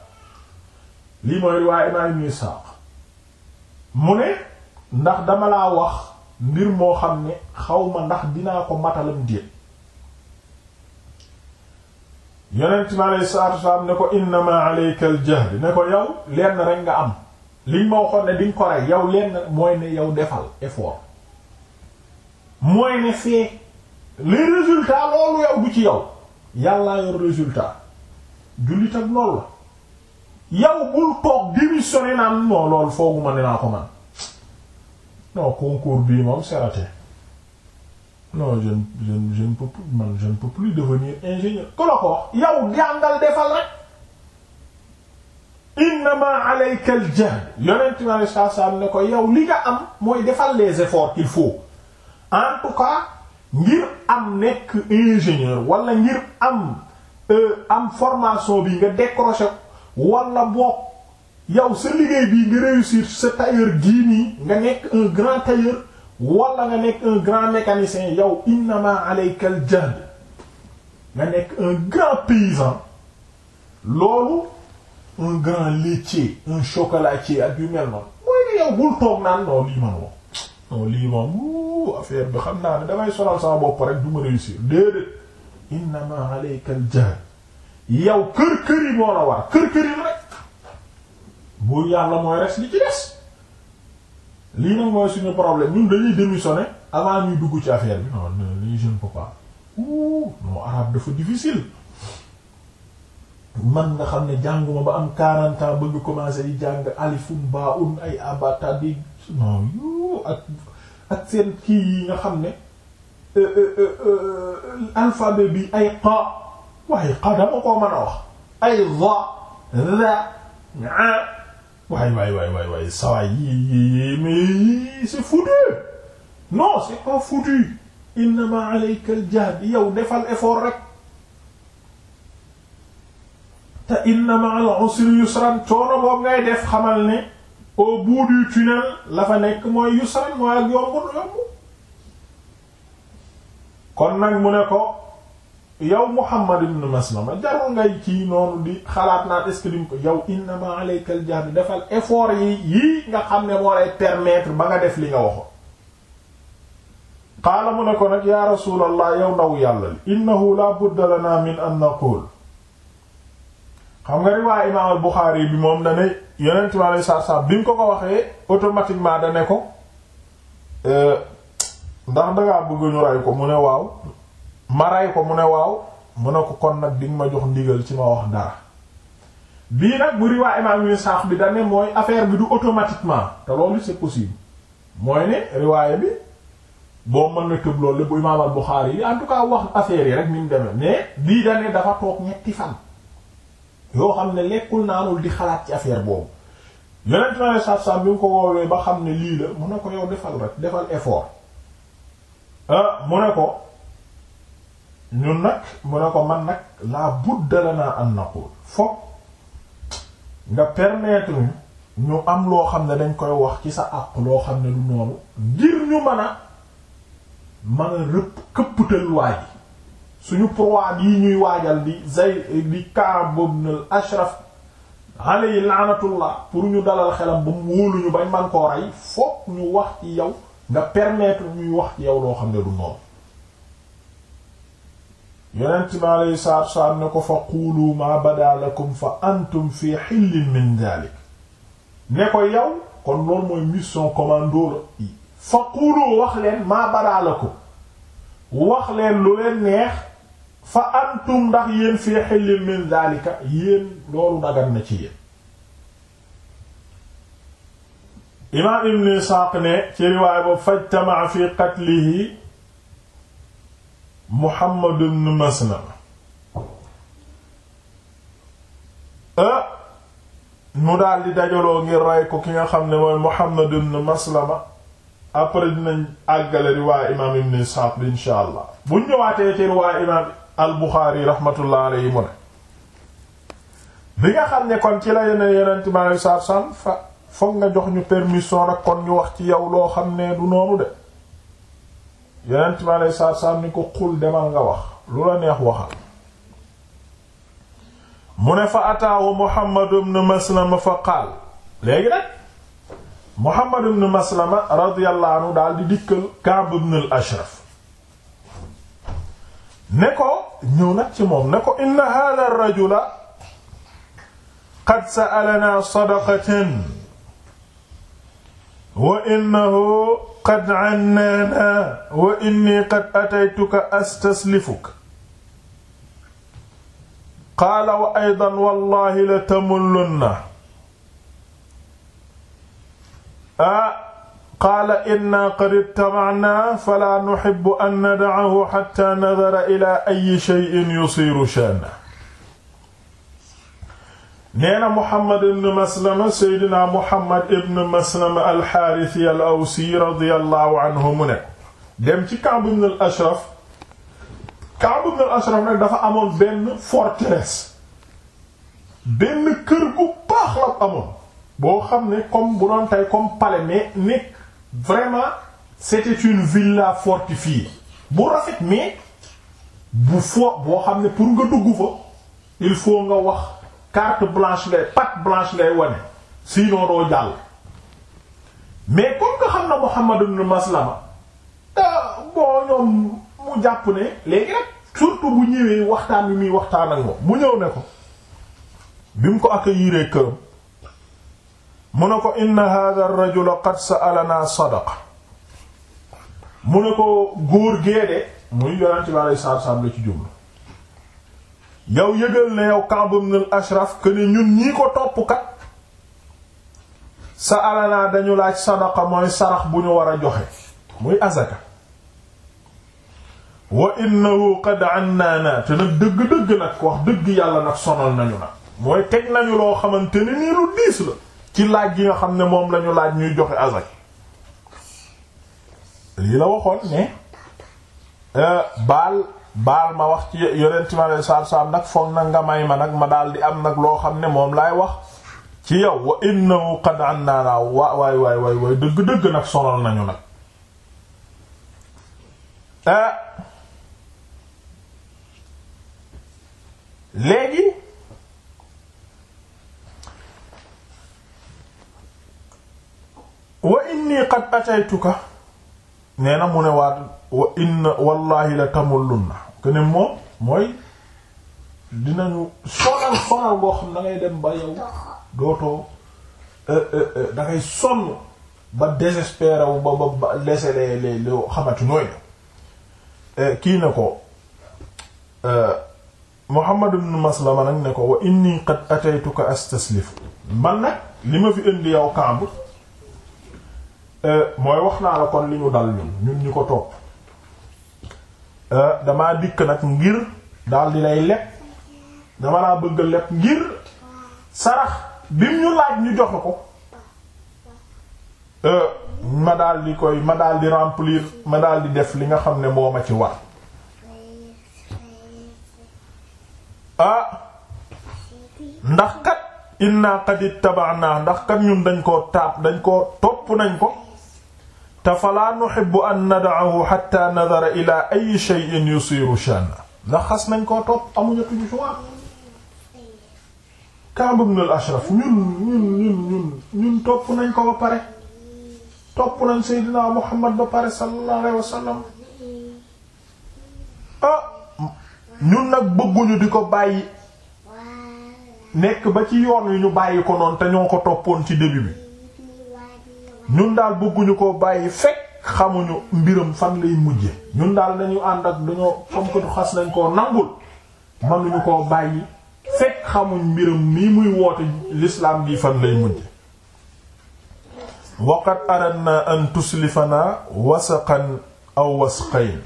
lii mooy riwaaya imaam ibn Isaaq mu ne ndax dama laa wax mbir moo xam ne xaw ma ndax dinaa ko matalam déet yonent mi alayhi salaatu wa salaam ne ko innama alayka al jahl ne ko yow lenn rekk nga am liñ ma waxoon ne diñ ko yow lenn mooy ne yow defal effort mooy ne fee les résultats loolu yow du ci yow yàllaa yor résultat jullit ak loolu la yow bul toog démissionné naan non loolu fooguma ne naa ko man non concours bii moom c'est raté non je je je ne peux plus man je ne peux plus devenir ingénieur ku la ko wax yow jàngal defal rek innama alayka al jahd yonent mi alei ko yow li nga am mooy defal les efforts qu'il faut en tout ngir am nekk ingénieur wala ngir am euh, am formation bi nga décroché wala bokk yow sa liggéey bi nga réussir sa tailleur gii nii nga nekk un grand tailleur wala nga nekk un grand mécanicien yow innama alayka al nga nekk un grand paysan loolu un grand laitier un chocolatier ak yu mel noonu mooy ne yow bul toog naan non lii man moom non lii moom affaire bi xam naa ne damay sonal sama bopp rek du ma réussir déedéet innama alayka al jahl yow kër kër yi moo la war kër kër yi rek buur yàlla mooy res li ci des lii nag mooy suñu problème ñun dañuy démissionner avant ñuy dugg ci affaire bi non lii je ne peux pas ouh dafa difficile man nga xam ne jànguma ba am 40 ans bëgg commencé di jàng alifun baa ay abata di non yo ak ak seen kii yi nga xam ne euh, euh, euh, alphabet bi ay qa waaye qa dama koo mën wax ay va la a waay waay waay waay waay sawaay yi yi mais c'est foutu non c'est pas foutu innama alayka al jahd yow defal effort te inna ma'al usri yusran coono boobu ngay def xamal ne au bout du tunnel la fa nekk mooy yusran mooy ak yombul yomb kon nag mu ne ko yow Muhammad ibn Maslama jarul ngay kii noonu di xalaat naan est ko yow inna ma alayka al jahd defal effort yi yii nga xam ne moo lay permettre ba nga def li nga waxoon qaala mu ne ko nag ya rasulallah yow ndaw yàlla li innahu la budda min an naqul xam nga riwaay imaam al Buxaari bi moom dane yonent bi alei satu salaam bi ñu ko ko waxee automatiquement dane ko euh, ndax dangaa bëgg ñu rey ko mu ne waaw ma rey ko mu ne waaw mu ne ko kon nag di ma jox ndigal ci ma wax dara bii nag bu riwaay imaam yu saax bi dane mooy affaire bi du automatiquement te loolu c'est possible mooy ne riwaay bi boo mën na tëb loolu bu imaam Buxaari yi en tout cas wax affaire yi rek ni mu demee bii dane dafa toog ñetti fan yoo xam ne lekkul naanul di xalaat ci affaire boobu yonent na saab-saab bi mu ko woowee ba xam ne lii la mu ne ko yow defal rek defal effort ah, mu ne ko ñun nag mu ne ko man nag laa budda la naa na naqul foog nga permettre ñu am loo xam ne dañ koy wax ci sa àq loo xam ne du noonu ngir ñu mën a rëpp këpptal waa ji suñu proie yi ñuy waajal di zay di Ka'b ibn al-Ashraf alayhi laanatullah pour ñu dalal xelam ba wóoluñu bañ man koo rey fokk ñu wax ci yow nga permettre ñuy wax ci yow loo xam ne du noonu yonent mi alayhi salaatu salaam ne ko fa quulu ma bada lakum fa antum fi xillin min dalik ne ko yow kon loolu mooy mission commando la fa quulu wax leen ma bada lakum wax leen lu leen neex fa antum ndax yéen fii xillin min daalika yéen loolu dagan na ci yéen imaam ibn Isaaq ne ci riwaay boobu fajtama fi qatlihi Muhammad Maslama ah, daal di dajaloo ngir rey ko ki nga xam ne mooy Muhammad ibn Maslama après dinañ àggale riwaay imaam ibn Isaaq bi insha allah bu ñëwaatee ci riwaay imaam al Buxaari rahmatullah alayhi mu ne bi nga xam ne kon ci la yeneen yeneen ma lay saar fa foog nga jox ñu permission rek kon ñu wax ci yow loo xam ne du noonu de yeneen ma lay saar ni ko xul demal nga wax lu la neex waxal mu ne fa ataawu Muhammad Maslama fa qaal léegi nag Muhammad ibn Maslama radiyallahu daal di dikkal Ka'b ashraf ne ñëw nag ci moom ne ko inna hadha ar-rajula qad sa'alana sadaqatan wa innahu qad 'annana wa inni qad ataytuka astaslifuka qaala wa aydan wallahi la tamullunna ah qaala inna qad ijtama'naa falaa nuhibbu an nada'ahu hattaa nadara ilaa ayyi shay'in yusiiru sha'nahu nee na Muhammad ibn Maslama Seydina Muhammad ibn Maslama al-Haarisi al-Awsi radiyallahu anhu mu ne dem ci Ka'b ibn al-Ashraf Ka'b ibn al-Ashraf nag dafa amoon benn forteresse benn kër gu baax la amoon boo xam ne comme bu doon tey comme palais mais nekk vraiment c'était une villa fortifiée bu rafet mais bu fo boo xam ne pour nga dugg fa il faut nga wax carte blanche lay patte blanche lay wane sinon daal mais comme nga xam na Muhammad ibn Maslama boo ñoom mu jàpp ne léegi rek surtout bu ñëwee waxtaan bi muy waxtaan ak moom mu ñëw ne ko bi mu ko accueillir këram mu ne ko inna hadha ar-rajula qad sa'alana sadaqa mu ne ko góor géede muy yonent bi alei saatu salaam la ci jublu yow yëgal ne yow Ka'b ibn ashraf que ne ñun ñii ko topp kat sa'alana dañu laaj sadaqa mooy sarax bu ñu war a joxe muy azaka wa innahu qad annaana te nag dëgg-dëgg nag wax dëgg yàlla nag sonal nañu nag mooy teg nañu loo xamante ne nii lu diis la ci laaj gi nga xam ne moom lañu laaj ñuy joxe azak lii la waxoon ne euh, baal baal ma wax ci yonenti ma leen saab-saab nag foog nag nga may ma nag ma daal di am nag loo xam ne moom laay wax ci yow wa innahu qad annana wa waay waay waay waay dëgg-dëgg nag sonal nañu nag euh, léegi wa inni qad ataytuka nee na mu ne waat wa inna wallahi la tamullun na kene moom mooy dinañu sonal sonal boo xam da ngay dem ba yow dootoo euh, euh, euh, da ngay ba désespéré ba ba ba laisser les les loo xamante nooy kii na ko Muhammad ibn Maslama nag ne ko wa inni qad ataytuka astaslifu man nag li ma fi indi yow Kaab Euh, mooy wax naa la kon li ñu dal ñun ñun ñu ko topp euh, damaa dikk nag ngir daal di lay leb dama laa bëgg leb ngir sarax bi ñu laaj ñu joxe ko euh, ma daal di koy ma daal di remplir ma daal di def li nga xam ne moo ma ci war ah ndax kat inna qad ittaba'na ndax kat ñun dañ koo taab dañ koo topp nañ ko te fa laa nuhibbu an nad'ahu hatta nadara nañ koo topp topp nañ ko ba pare topp nañ Seydina Muhammad ba pare sallallahu alayhi ah, ñun nag bëgguñu di ko bàyyi nekk ba ci yoon wi ñu bàyyi ko noon te ñoo ko toppoon ci début bi ñun daal bëgguñu ko bàyyi fekk xamuñu mbiram fan lay mujje ñun daal nañu ànd ak dañoo comme que du xas nañ koo nangul mënuñu koo bàyyi fekk xamuñ mbiram nii muy woote lislaam gi fan lay mujje waqad aradna an tuslifana wasaqan aw wasqayn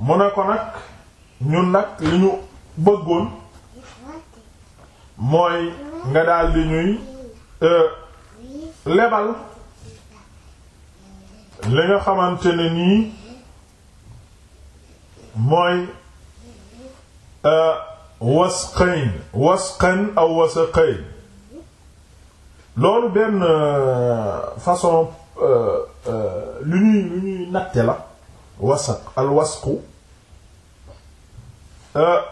mu ne ko nag ñun nag li ñu bëggoon mooy nga daal di ñuy euh, lebal li nga xamante ne nii mooy euh, wasqayn wasqan aw wasaqayn loolu benn euh, façon euh, lu ñuy lu ñuy natte la wasaq al wasqu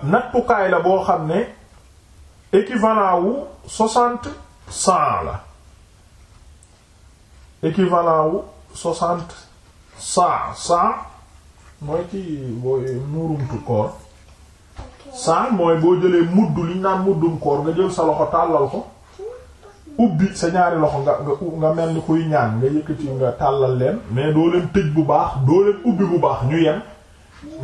nattukaay la boo xam ne équivalent wu soixante cent la équivalent wu soixante cent cent mooy ci booy muurumtu koor cent mooy boo jëlee mudd liñ naan muddum koor nga jël sa loxo tàllal ko ubbi sa ñaari loxo nga nga nga mel ni kuy ñaan nga yëkkati nga tàllal leen mais doo leen tëj bu baax doo leen ubbi bu baax ñu yem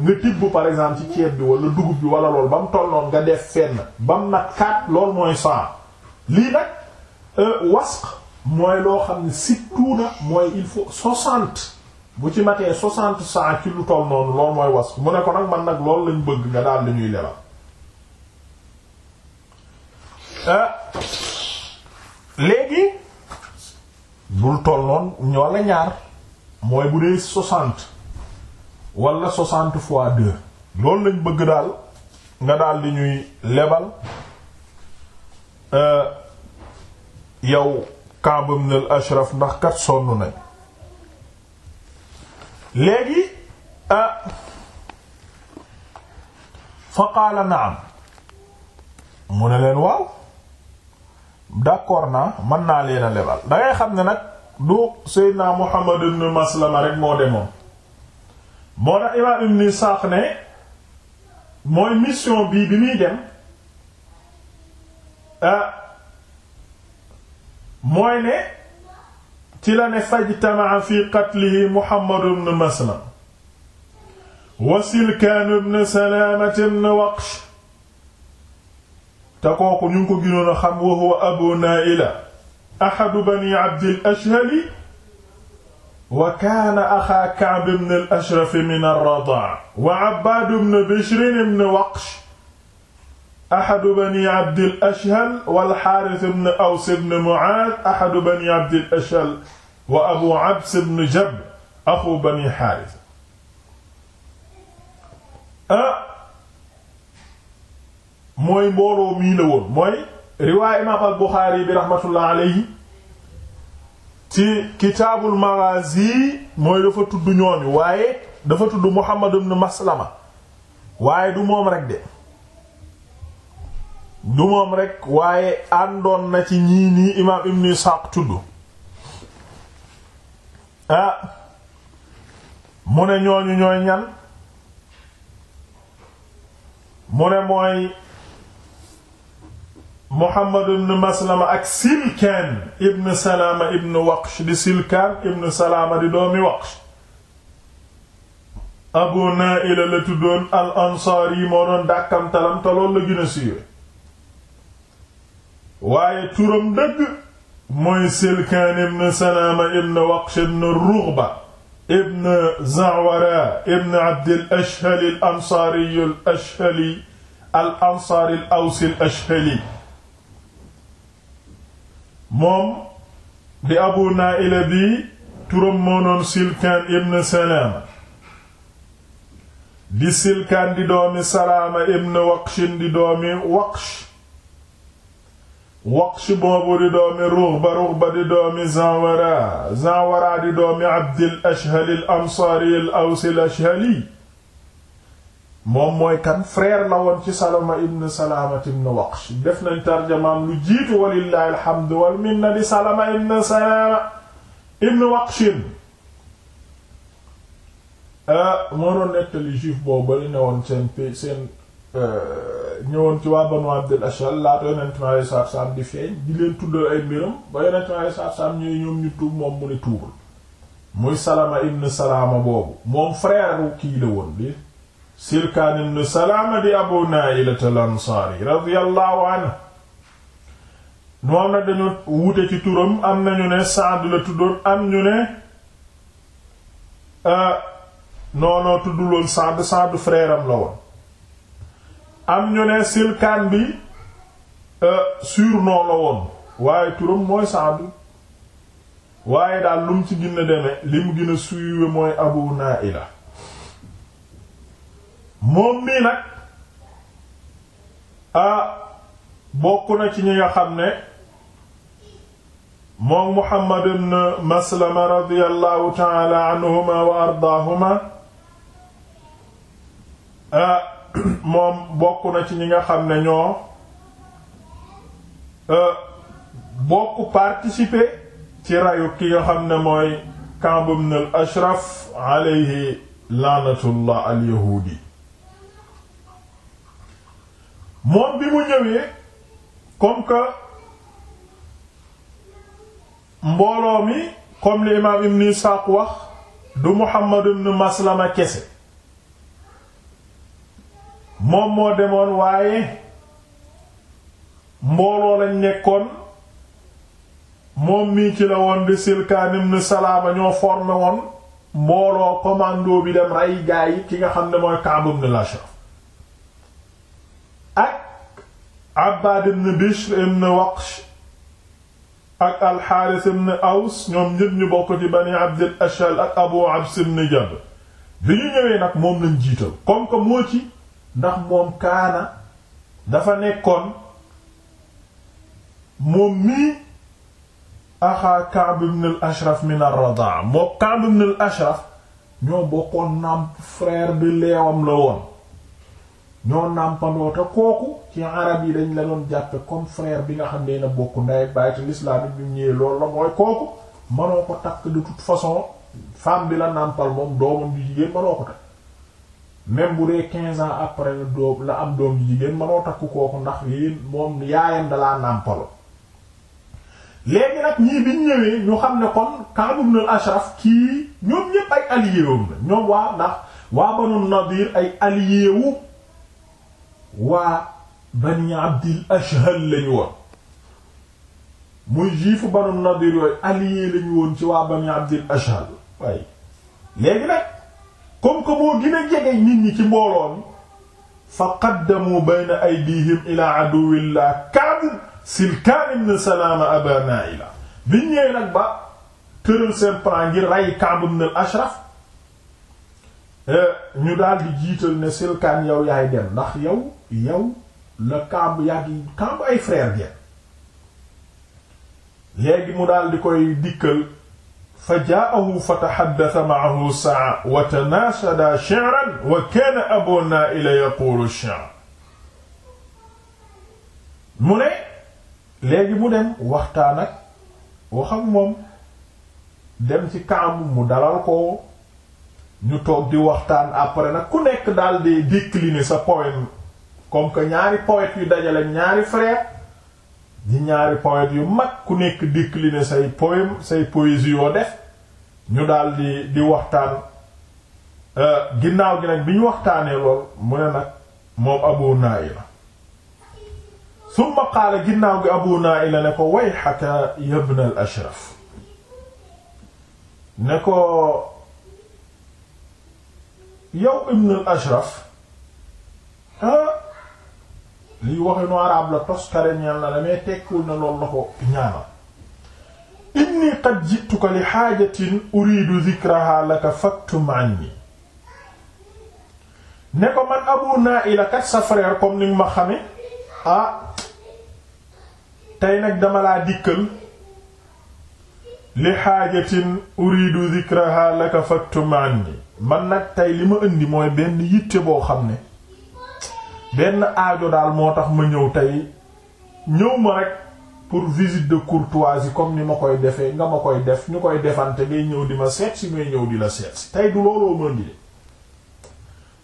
nga tibb par exemple ci ceeb bi wala dugub bi wala lool ba mu toll noonu nga def fenn ba mu nag kaat loolu mooy cent lii nag euh, wasq mooy loo xam ne sittuuna mooy il faut soixante bu ci matee soixante saa ci lu toll noonu loolu mooy was mu ne ko nag man nag loolu lañ bëgg nga daal li ñuy lebal ah. léegi bul toll noonu ñoo la ñaar mooy bu dee soixante wala soixante fois deux loolu lañ bëgg daal nga daal li ñuy lebal ah. yow Kaab ibn al Ashraf ndax kat sonn nañ léegi fa qaala naam mu ne leen waaw d'accord naa mën naa leen lebal dangay xam ne nag du Seydina Muhammad ibn Maslama rek moo demoon moo tax imaam ibn Isaaq ne mooy mission bii bi muy dem mooy ne ci la ne fajtamaa fi qatlihi Muhammad ibn Maslama wa Silkaan ibn Salaama ibn Waqsh te kooku ñu ngi ko gënoon a xam wa huwa Abu Naa'ila ahadu bani Abdil Ashhali wa kaana axaa Ka'b ibn al-Ashraf min ar-Radaa' wa Abbaad ibn Bishr ibn Waqsh ahadu bani abdil ashhal wal xaaris ibn aws ibn muaaz ahadu bani abdil ashhal wa abu abs ibn jab axu bani xaaris ah mooy mbooloo mii la woon mooy riwaay imaam al buxaari bi raxmatullah aleyhi ci kitaabul maghazi mooy dafa tudd ñooñu waaye dafa tudd muhammad ibn maslama waaye du moom rek de du moom rek waaye àndoon na ci ñii nii imaam ibn Isxaaq tudd ah mu ne ñooñu ñooy ñan mu ne mooy Muhammad ibn Maslama ak Silkaan ibn Salaama ibn Waqsh di Silkaan ibn Salaama di doomi Waqsh Abu Naa'ila la tuddoon al ansaar yi moo doon dàkkamtalam te la gën siiwe waaye turam dëgg mooy silkaan ibn salaama ibn waqsh ibn rughba ibn zawara ibn abdil ashhali ansaari al ashhali al ansaari moom di abu naa'ila bi turam moo silkaan ibn salaama di silkaan di doomi salaama ibn waqshin di doomi waqsh Waqsh boobu di doomi Rughba Rughba di doomi Zanwara Zanwara di doomi Abdil Ashhali al Ansaari al Awsi kan frère la woon ci Salama ibn Salaamat ibn Waqsh def nañ tarjamaam lu jiitu walillaahi alhamdu wal minna di Salama ibn Salaama ibn Waqshin euh, moo doon nettali juif boobu li ne woon seen seen euh, ñëwoon ci waa banu Abdul Ashal laata yonent mi alayhi salaatu salaam di feeñ di leen tuddal ay mbiram ba yonent mi alayhi salaatu salaam ñooy ñoom ñu tuub moom mu ne tuubul muy Salama ibn Salama boobu moom frère wu kii la woon bi Sirkaan ibn Salama di Abu Na'ilat al la tuddoon am ñu ne euh, noonoo tudduloon Saad Saad frère am la woon am ñu ne silkaan bi euh, surnom la woon waaye turam mooy Saadu waaye daal lu ci gën deme li mu gën a suiwe mooy Abu Naila moom nii nag a na ci ñi nga xam ne moom Muhammad ibn Maslama radiyallahu ta'ala wa ardaahuma moom bokk na ci ñi nga xam ne ñoo euh, bokk participer ci rayu ki nga xam ne mooy Kaab ibn al Ashraf alayhi laanatullah al yahuudi moom bi mu ñëwee comme que mbooloo mi comme li imaam ibn Isaaq wax du Muhammad ibn Maslama kese moom moo demoon waaye mbooloo lañ nekkoon moom mii ci la woon di Silkaan ibn Salaama ñoo formé woon mbooloo commando bi dem rey gaa yi ki nga xam ne mooy Ka'b ibn Ashraf ak Abbaad ibn Bishr ibn Waqsh ak Al-Haaris Aws ñoom ñépp ñu bokk ci Bani Abdil Ashal ak Abu Abs ibn Jab bi ñu ñëwee nag moom lañ jiital comme que moo ci ndax moom kaana dafa nekkoon moom mii axaa Ka'b ibn al-Ashraf min ar-radaa moo Ka'b ashraf ñoo bokkoon nàmp frère bi leewam la woon ñoo nàmpandoo te kooku ci arab yi dañ la doon jàppe comme frère bi nga xam ne na bokk ndey baay te l'islam bi ñëwee loolu la mooy kooku mënoo ko takk de toute façon femme bi la nàmpal moom doomam bi jigéen mënoo ko takk même bu dee quinze ans après la am doom jigéen mënoo takk kooku ndax yéen moom yaayam dalaa nàmpalo léegi nag ñii biñ ñëwee ñu xam ne kon Ka'b ibn al-Ashraf kii ñoom ñépp ay allié woon la ñoom waa ndax waa Banu Nadir ay allié wu waa Bani Abdil Ashhal lañu woon muy juifu Banu Nadir yooyu allié lañu woon ci waa Bani Abdil Ashhal léegi nag comme que moo gën a jege nit ñi ci mbooloo mi fa qaddamu bayna aydihim ila aduwillah Kaab Silkaan ibn Salaama Abaa Naa'ila biñ nag ba tëral seen plan ngir rey Kaab ibn ashraf eh, ñu daal di jiital ne Silkaan yow yaay dem ndax yow yow la Kaab yaa ngi ay frère ngeen léegi mu daal di koy dikkal. fa jaahu fa taxaddasa maahu saa wa tanaashadaa shi'ran wa kaana Abuu Naa'ila yaquulu shi'r mu ne léegi mu dem waxtaan waxam moom dem ci kaamu mu dalal ko ñu toog di waxtaan après nag ku nekk daal di décliner sa poème comme que ñaari poète yu dajale ñaari frère di ñaari poète yu mag ku nekk décliner say poème say poésie yoo def ñu daal di di waxtaan euh, ginnaaw gi nag bi ñu waxtaanee lool mu ne nag moom Abu Naila summa qaala ginnaaw gi Abu Naila ne ko wayhaka ibn al Ashraf ne ko yow ibn Ashraf ah lii waxinu araab la toskare ñeel na la mais tekkul na loolu la ko ñaanal inni qad jittuka li xaajatin uridu zikraha laka faktum anni ne ko man abu naila kat sa frère comme ni ma xame ah tey nag dama laa dikkal li xaajatin uridu zikraha laka faktum anni man nag tey li ma indi mooy benn yitte boo xam ne benn aajo daal moo tax ma ñëw tey ñëw ma rek pour visite de courtoisie comme ni ma koy defee nga ma koy def ñu koy defante ngay ñëw di ma seet si ngay ñëw di la seet si tey du looloo mën di de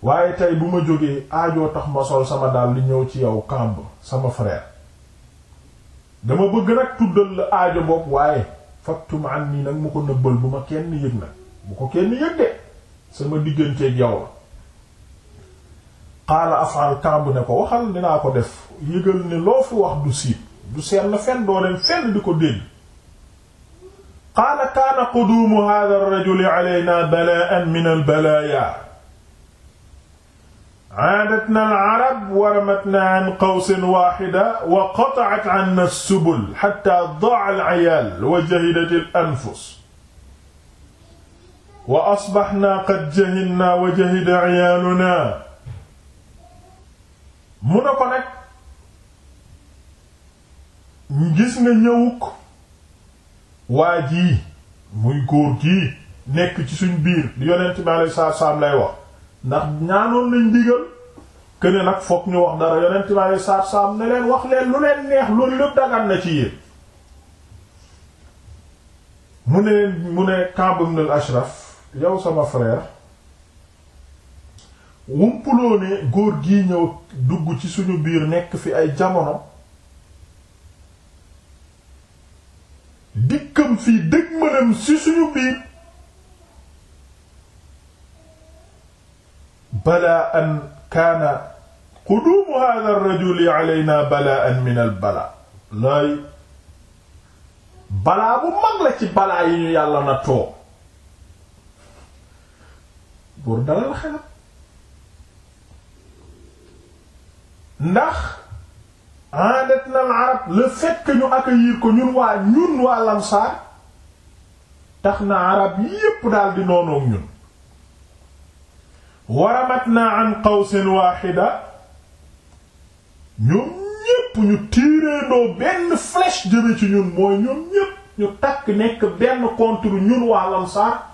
waaye tey bu ma jógee aajoo tax ma sol sama daal di ñëw ci yow kamb sama frère dama bëgg rek tuddal la aajo bopp waaye faktum am nii nag mu ko nëbbal bu ma kenn yëg nag bu ko kenn yëg de sama digganteeg yow la xaala afal kamb ne ko waxal dinaa ko def yëgal ne loo fi wax du siit du seen na fenn doo leen fenn di ko dégg qaala kaana quduumu hadha ar-rajuli alayna bala'an min al-balaya aadatna al-arab wa ramatna an qawsin wahida wa qata'at 'anna as-subul hatta da'a al-'iyal wa jahidat al-anfus wa asbahna qad jahilna wa jahida 'iyaluna mu ne ko nag gis na ñëwuk waa jii muy góor gii nekk ci suñ biir di yonent bi alayhi salaatu salaam lay wax ndax ñaanoon nañ digal këne nag fokk ñu wax dara yonent bi alayhi salaatu salaam ne leen wax leen lu leen neex loolu lépp dagan na ci yéen mu ne mu ne Ka'b ibn ashraf yow sama frère wumpuloo ne góor gi ñëw dugg ci suñu biir nekk fi ay jamono dikkam fii dëg mënam ci suñu biir balaa an kaana quduumu hadha ar-rajuli alayna balaan min al laay balaa bu mag la ci balaa yi ñu yàlla na too buur dalal xelam ndax adatna al arab le fait que ñu accueillir ko ñun waa ñun waa lamsaar tax na arab yépp daal di noonoog ñun waramatna an qawsin waaxida ñoom ñépp ñu tiireendoo benn flèche jëme ci ñun mooy ñoom ñépp ñu takk nekk benn contre ñun waa lamsaar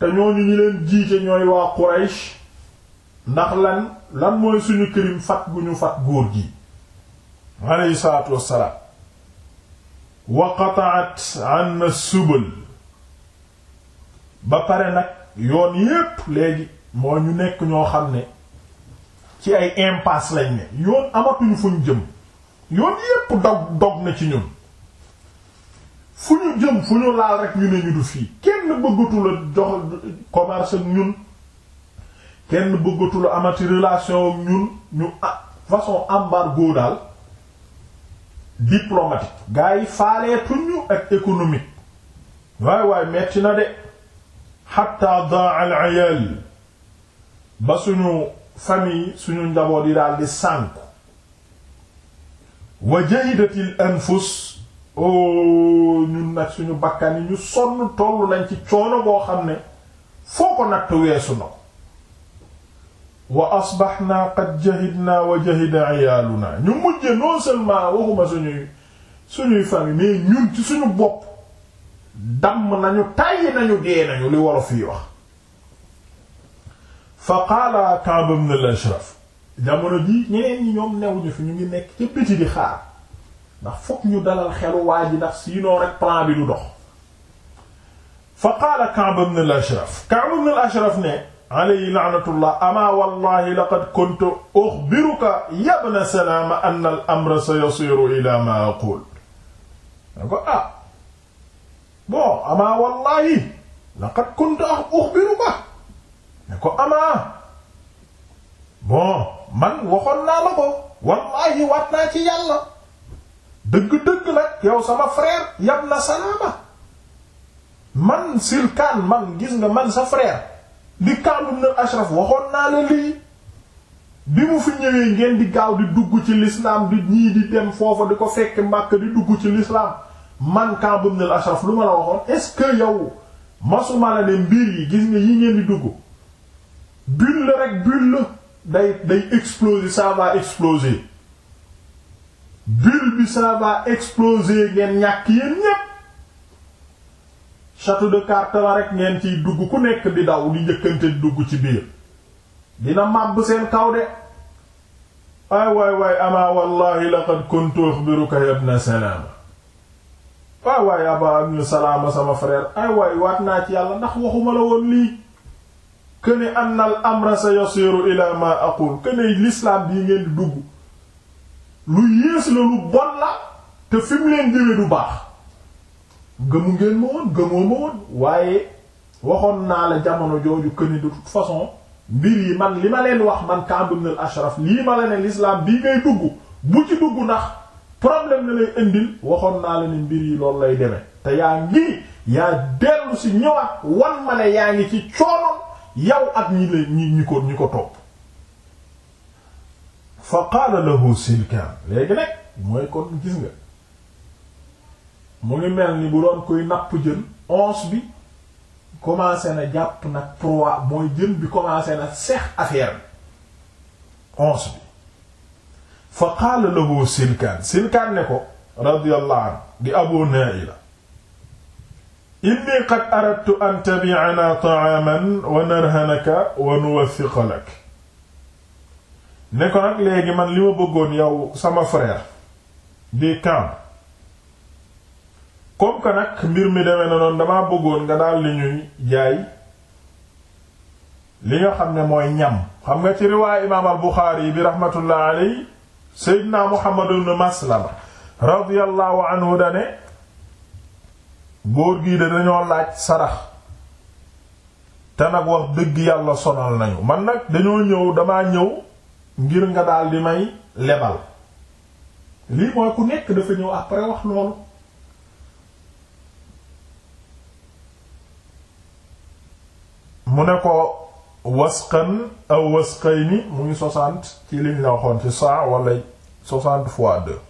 te ñooñu ñu leen jiite ñooy waa Quraysh ndax lan lan mooy suñu crime fat gu ñu fat góor gi aleyhi salaatu wassalaam wa qata'at anna subul ba pare nag yoon yépp léegi moo ñu nekk ñoo xam ne ci ay impasse lañ ne yoon amatuñu fuñ jëm yoon yépp dog dog na ci ñun fu ñu jëm fu ñu laal rek ñu ne ñu du fii kenn bëggatu la jox commerce ak ñun kenn bëggatula amati relation ak ñun ñu ah façon embargo daal diplomatique gars yi faaleetuñu ak économique waay waay metti na de xatta daa al ayal ba suñu famille suñu njaboot yi daal di sànku wa jahidatil anfus o oh, ñun nag suñu bakkan yi ñu sonn tollu lañ ci coono boo xam ne foo ko natt weesu na wa asbaxnaa qad jahidnaa wa jahida iyaaluna ñu mujje ci suñu bopp damm nañu tàyyi nañu dee wax fa jamono ji ñeneen ñi ñoom fi ñu ngi nekk ca ndax fokk ñu dalal xelu waa rek plan bi du dox fa qaala Ka'b ibn al-Ashraf Ka'b ibn ashraf ne alayhi la'natullah ama wallahi laqad kuntu ukhbiruka ya ibna salaama anna al amra sayasiru ila ma aqul da ko ah bon ama wallahi laqad kuntu ukhbiruka ne ko ama bon man waxoon naa la ko wallahi waat naa ci yàlla dëgg-dëgg nag yow sama frère ya ibna salaama man silkaan man gis nga man sa frère di Kaab ibn Ashraf waxoon naa la lii bi mu fi ñëwee ngeen di gaaw di dugg ci lislaam di ñii di dem foofa di ko fekk Makka di dugg ci lislaam man Kaab ibn Ashraf lu ma la waxoon est-ce que yow masuma la ne mbir yi gis nga yi ngeen di dugg bulle la rek bulle la day day exploser ça va exploser bi ça va ngeen ñàkk yéen ñépp château de carte la rek ngeen dugg ku nekk di daw di njëkkante dugg ci biir dina màbb seen kaw de ay waay waay ama wallahi laqad kuntu akhbiruka ya ibn salaama waay waay aba ibn salaama sama frère waay waat naa ci yàlla ndax waxuma la woon lii këne anna al amra sa yasiru ila ma aqul këne l'islam ngeen di dugg lu yées la lu bon la te fi leen jëwe du baax gëmu ngeen ma gëmoo ma waaye waxoon naa la jamono jooju këni de toute façon mbir yi man li ma leen wax man Ka'b ibn al-Ashraf lii ma la ne lislaam bii ngay dugg bu ci dugg ndax problème na lay indil waxoon naa la ne mbir yi loolu lay demee te yaa ngi yaa dellu si ñëwaat wan ma ne yaa ngi ci coono yow ak ñi la ñi ñi ko ñi ko topp fa qaala lahu silkaan léegi nag mooy kon gis nga mu ngi mel ni bu doon koy napp jën onze bi commencé na jàpp nag proie mooy jën bi commencé na seex affaire bi onze bi fa qaala lahu silkaan silkaan ne ko radiyallahu anhu di abu naila inni qad aradtu an tabi'ana ta'aman wa narhanaka wa nuwathiqa lak ne ko nag léegi man li ma bëggoon yow sama frère di camp comme que nag mbir mi demee na noonu damaa bëggoon nga daal li ñuy jaay li nga xam ne mooy ñam xam nga ci riwaaya imaam al Buxaari bi rahmatullah alayhi seydina Muhammad ibn Maslama radiyallahu dane góor gii de dañoo laaj sarax te nag wax dëgg yàlla sonal nañu man nag dañoo ñëw damaa ñëw ngir nga daal di may lebal lii mooy ku nekk dafa ñëw après wax loolu mu ne ko waskan aw wasqayni mu ngi ci liñ la waxoon ci saa wala soixante fois deux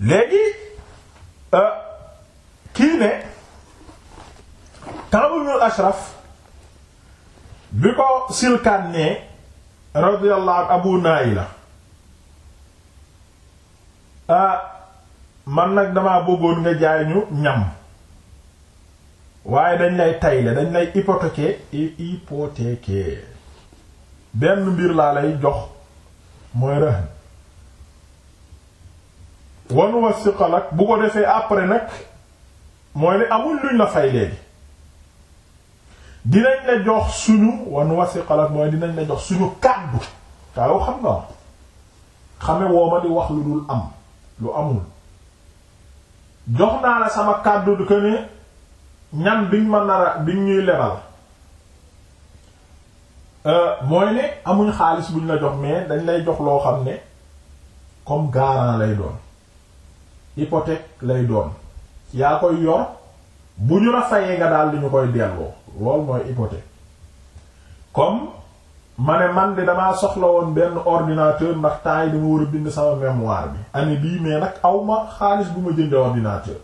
léegi euh, kii ne Ka'b ibn ashraf bi ko Silkaan ne radiyallahu Abu Naila ah man nag damaa bëggoon nga jaay ñu ñam waaye dañ lay tayle dañ lay hypothéquer hypothéquer benn mbir laa lay jox mooy rahn wanu wa siqalak bu ko defee après nag mooy ne amul luñ la fay léegi dinañ la jox suñu wanu wa siqalak mooy dinañ la jox suñu kàddu taayoo xam nga xame woo ma di wax lu dul am lu amul jox naa la sama kàddu du ko ne ñan biñ ma nara biñ ñuy lebal euh, mooy ne amuñ xaalis buñ la jox mais dañ lay jox loo xam ne comme garant lay doon hypothèque lay doon yaa koy yor bu ñu la fayee nga daal di ñu koy delloo loolu mooy hypothèque comme ma ne man de damaa soxla woon benn ordinateur ndax temps yi dama war a bind sama mémoire bi année bii mais nag awma xaalis bu ma jënde ordinateur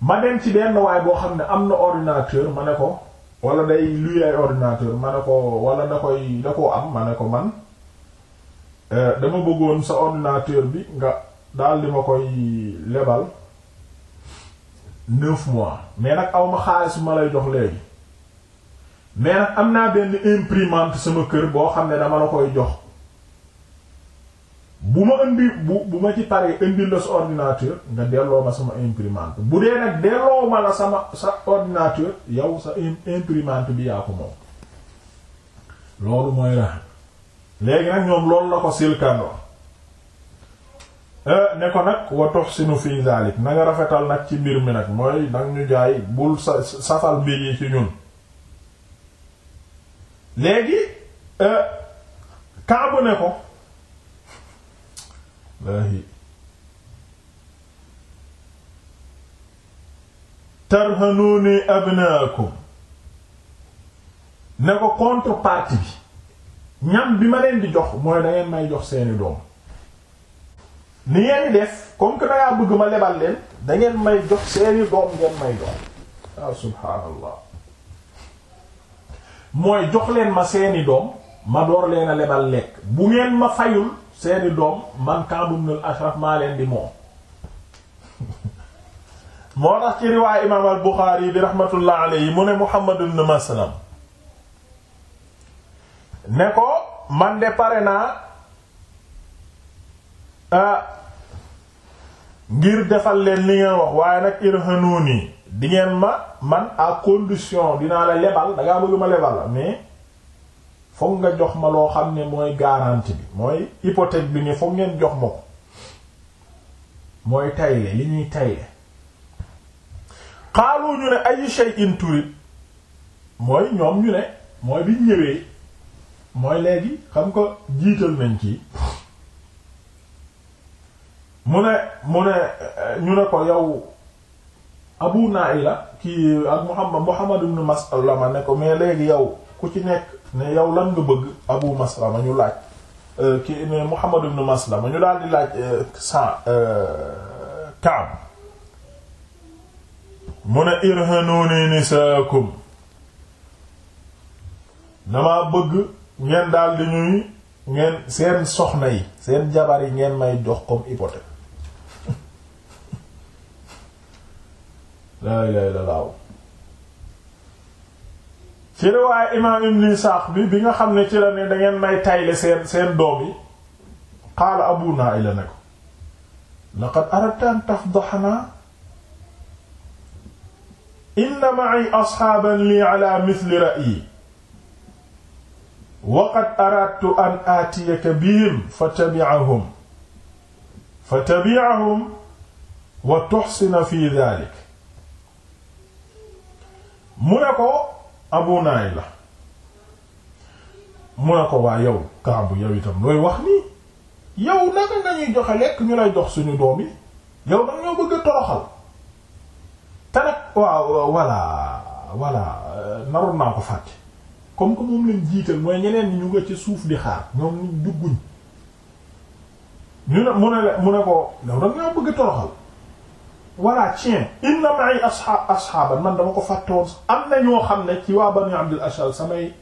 ma dem ci benn waay boo xam ne am na ordinateur ma ne ko wala day luy ay ordinateur ma ne ko wala da koy da koo am ma ne ko man euh, dama bëggoon sa ordinateur bi nga daal li ma koy lebal neuf mois mais nag aw ma xaalis ma lay jox léegi mais am naa benn imprimante sama kër boo xam ne dama la koy jox bu ma indi bu bu ma ci paree indi la sa ordinateur nga delloo ma sama imprimante bu dee nag delloo ma la sama sa ordinateur yow sa imprimante bi yaa ko moom loolu mooy raxam léegi nag ñoom loolu la ko silkandoo eh, ne ko nag wa tuhsinu fi zalik na rafetal nag ci mbir mi nag mooy dang ñu jaay bul sa safal mbir yi ci ñun léegi eh, kaabu ne ko laahi tarhanuuni abnaakum ne ko contrepartie bi ñam bi ma leen di jox mooy dangeen may jox seeni doom ni ngeen di def comme que dangaa bëgg ma lebal leen dangeen may jox seeni doom ngeen may jox ah, subhaanallah mooy jox leen ma seeni doom ma door leen a lebal lekk bu ngeen ma fayul seeni doom man Ka'b ibn al-Ashraf maa leen di moom moo tax ci riwaay imaam al Buxaari bi rahmatullah alayhi mu ne Muhammad ibn Maslam ne ko man de pare naa ngir defal leen li ngeen wax waaye nag irhanuni di ngeen ma man ak condition dinaa la lebal dangaa bëgg ma lebal la mais foog nga jox ma loo xam ne mooy garanti bi mooy hypothèque bi ne foog ngeen jox ma ko mooy tayle li ñuy tayle xaalu ñu ne ay shay'in turid mooy ñoom ñu ne mooy bi ñëwee mooy léegi xam ko jiital nañ ci mu ne mu ne ñu ne ko yow Abu Naila ki ak Muhammad Muhammad ibn Maslama ne ko mais léegi yow ku ci nekk ne yow lan nga bëgg abu maslama ñu laaj euh, ki ne muhammad ibn maslama ñu daal di laaj euh, sa euh, kaab mu ne irhanuni nisaakum damaa bëgg ngeen daal ñuy ngeen seen soxna yi seen jabar yi ngeen may jox comme hypothèque laa ilaha illallah ci riwaaya imaam ibn Isaaq bi bi nga xam ne ci la ne dangeen may tayle seen seen doom yi qaala abu naa'ila ne ko laqad aradta an tafdaxnaa inna ma'i asxaaban lii ala mithli ra'yi wa qad aradtu an aatiyaka bihim fatabi'ahum fatabi'ahum wa tuhsina fi dhaalika mu ne ko abu naay la mu ne ko waa yow kaabu yow itam looy wax nii yow naka nañuy joxe lekk ñu lay jox suñu doom yi yow nag ñoo bëgg toroxal te nag waaw voilà voilà euh, naroon naa ko fàtte comme que moom lañ jiital mooy ñeneen ñu nga ci suuf di xaar ñoom ñu dugguñ ñu ne mu ne mu ne ko yow nag ñoo bëgg toroxal voilà tiens inna ma'i ashaab ashaaban man dama ko fàtte woon am na ñoo xam ne ci waa banu Abdul Ashal samay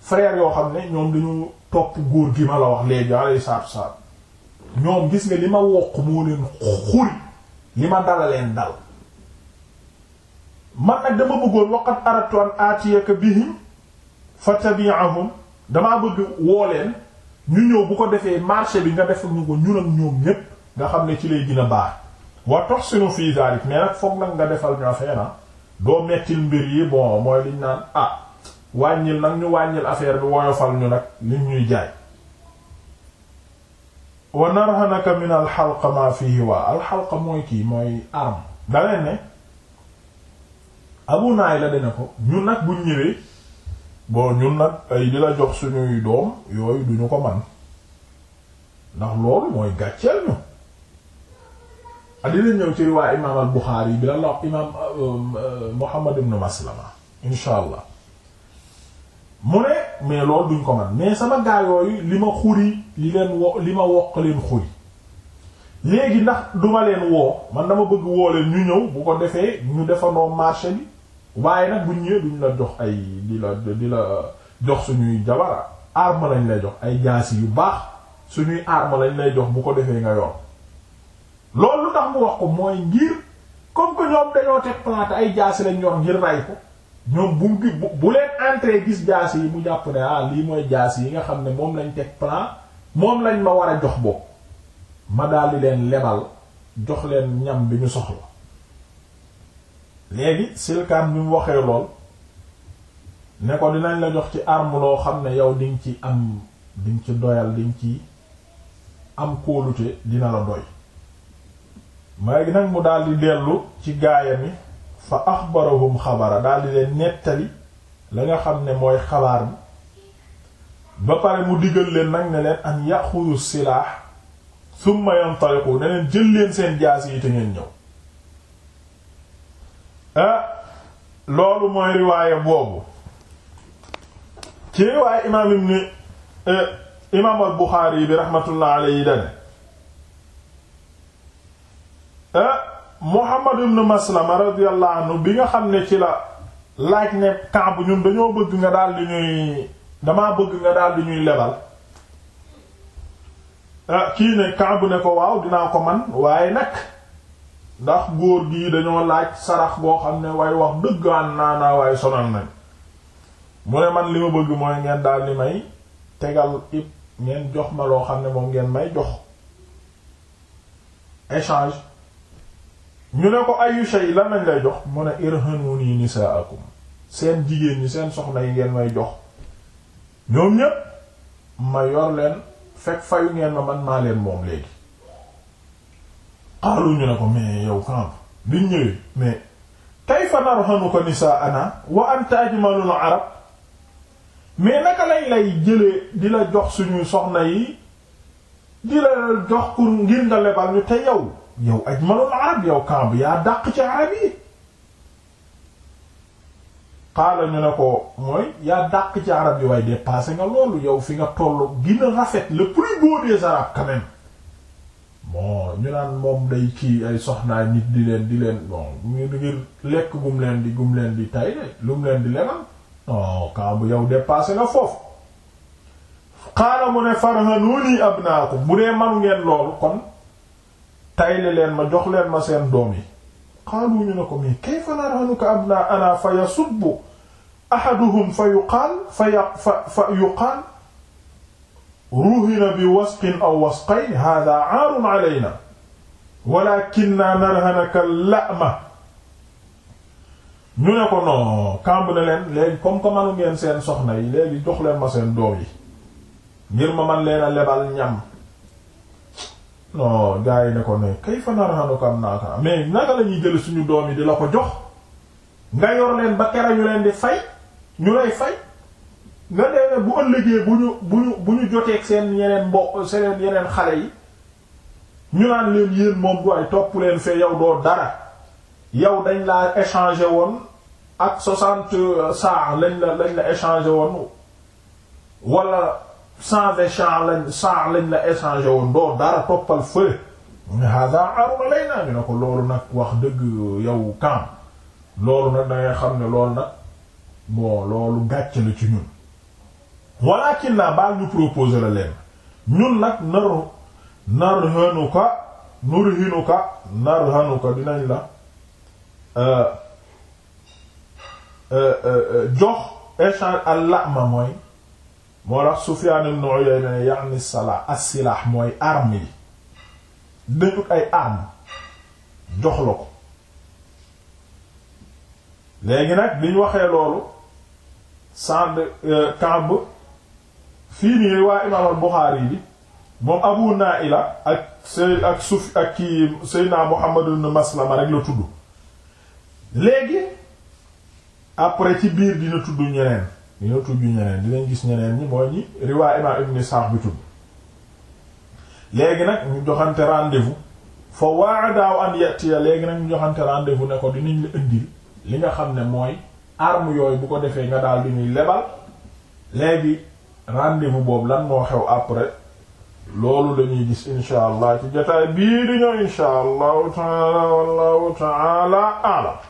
frair yoo xam ne ñoom dañu topp góor gi ma la wax léegi alayhi salaatu wassalaam ñoom gis nga li ma wokk moo leen xuri li ma dala leen dal man nag dama bëggoon waqad aradtu an fa bihim fatabi'ahum damaa bëgg woo leen ñu ñëw bu ko defee marché bi nga def ñu ko ñun ak ñoom ñépp nga xam ne ci lay gën a baax wa toxsinu fii dalik mais nag foog nag nga defal ñu affaire ah doo mettil mbir yi bon mooy liñ naan ah wàññil nag ñu wàññil affaire bi woyofal ñu nag liñ ñuy jaay wa narhanaka min alxalqa ma fihi waa alxalqa mooy kii mooy arme da leen ne abu naay la dina ko ñun nag buñ ñëwee bon ñun nag ay di la jox suñuy doom yooyu duñu ko man ndax loolu mooy gàcceel ñu dina ñëw ci riwaay imaam al Buxaari bi la wax imaam um, uh, Muhammad ibn Maslama insha allah mu ne mais loolu duñ ko man mais sama gaa yooyu li ma xuri li leen wo li ma woq leen xuri léegi ndax duma leen woo man dama bëgg woo leen ñu ñëw bu ko defee ñu defandoo marché bi waaye nag buñ ñëwee duñ la jox ay di la di la jox suñuy jabara arme lañ lay jox ay jaasi yu baax suñuy arme lañ lay jox bu ko defee nga yor lool lu tax mu wax ko mooy ngir comme que ñoom dañoo teg plante ay jaasi lañ yor ngir ray ko ñoom bu bu leen entrée gis jaasi yi mu jàpp ne ah lii mooy jaasi yi nga xam ne moom lañ teg plan moom lañ ma war a jox bopp ma daldi leen lebal jox leen ñam bi ñu soxla léegi silkaan bi mu waxee lool ne ko dinañ la jox ci arme loo xam ne yow diñ ci am diñ ci doyal diñ ci am kóolute dina la doy léegi nag mu daldi dellu ci gaayami fa axbarahum xabara daldi leen nettali la nga xam ne mooy xalaat bi ba pare mu digal leen nag ne leen an yaxudu silaax summa yantaliqu ne leen jël leen seen jaas yi te ngeen ñëw ah, loolu mooy riwaaya boobu ci riwaaya imaam ibn eh, imaam al Buxaari bi raxmatullah alayhi dane Eh, Muhammad ibn Maslama radiyallahu anhu bi nga xam ne ci la laaj ne Kaab ñun dañoo bëgg nga daal di ñuy damaa bëgg nga daal di ñuy lebal eh, kii ne Kaab ne ko waaw dinaa ko man waaye nag ndax góor gi dañoo laaj sarax boo xam ne way wax dëgg naa naa waaye sonal nañ mu ne man li ma bëgg mooy ngeen daal di may tegal it ngeen jox ma loo xam ne moom ngeen may jox échange ñu ne ko ayu shay lan lañ lay jox mu ne irhanuni nisaakum seen jigéen ñi seen soxna yi ngeen may jox ñoom ñépp ma yor leen fekk fayu ngeen ma man maa leen moom léegi xaalu ñu ne ko mais yow kamp liñ ñëwee mais kayfa narhanuka nisaana wa anta ajmalul arab mais naka lañ lay jëlee di la jox suñu soxna yi di la jox pour ngir nga lebal ñu te yow yow ajmalul arab yow kamb yaa dàq ci arab yi xaala ñu ne ko mooy yaa dàq ci arab yi waaye dépassé nga loolu yow fi nga toll gën rafet le plus beau des arabes quand même bon ñu naan moom day kii ay soxnaa nit di leen di leen bon ñu ngir lekk gum leen di gum leen di tay de lum leen di lemal non kamb yow dépassé nga foofu xaala mu ne farhanuni abnaakum bu dee manu ngeen loolu kon tayle leen ma jox leen ma seen doom yi qaalu ñu ne ko mais kayfa narhanuka abnaana fa yasubbu ahaduhum fa yuqaal fa bi wasqin aw wasqayn hada aarun alayna walakinna narhanaka la'ma ñu ne ko non kàmb ne leen léegi comme que seen soxna yi léegi jox leen ma seen doom yi ngir ma leen a lebal ñam non oh, gars yi ne ko ne kay fa narxanu ko am naaka mais naka la ñuy jël suñu doom yi di la ko jox nga yor leen ba kera yu leen di fay ñu lay fay nga dee bu ëllëgee bu ñu bu ñu bu ñu joteeg seen yeneen mbokk seen yeneen xale yi ñu naan leen yéen moom du ay topp leen fee yow doo dara yow dañ laa échanger woon ak soixante saa euh, lañ la lañ la échanger woon wala cent vingt champs lañ la échangé woon doo dara toppal fële mu ne hada lay naa ñu ne ko loolu nag wax dëgg yow kam loolu nag dangay xam ne loolu nag bon loolu gàcc la ci ñun walakin naa baal ñu proposer la leen ñun nag nar nar hanuka nur hinuka nar hanuka dinañ la euh, euh, euh, jox échange al lama mooy moo tax Sufyaan ibn Uyayna ne yaani sala as-silaah mooy arme yi dañut ay arme jox la ko léegi nag biñ waxee loolu sand euh, kamb fii nii waa imaam al-Buxaari bi moom Abu Naila ak say ak suf ak kii Seydina Muhammad ibn Maslama rek la tudd léegi après ci biir dina tudd ñeneen dañoo tudd ñeneen dinañ gis ñeneen ñi mooy ñi riwaay imam ibn Sa'd bi tudd léegi nag ñu joxante rendez-vous fa waadaaw an yatiya léegi nag ñu joxante rendez ne ko dinañ la indil li nga xam ne mooy arm yooyu bu ko defee nga daal di ñuy lebal léegi rendez boobu lan moo xew après loolu lañuy gis insha allah ci jotaay bii di insha allahu taala wallahu taala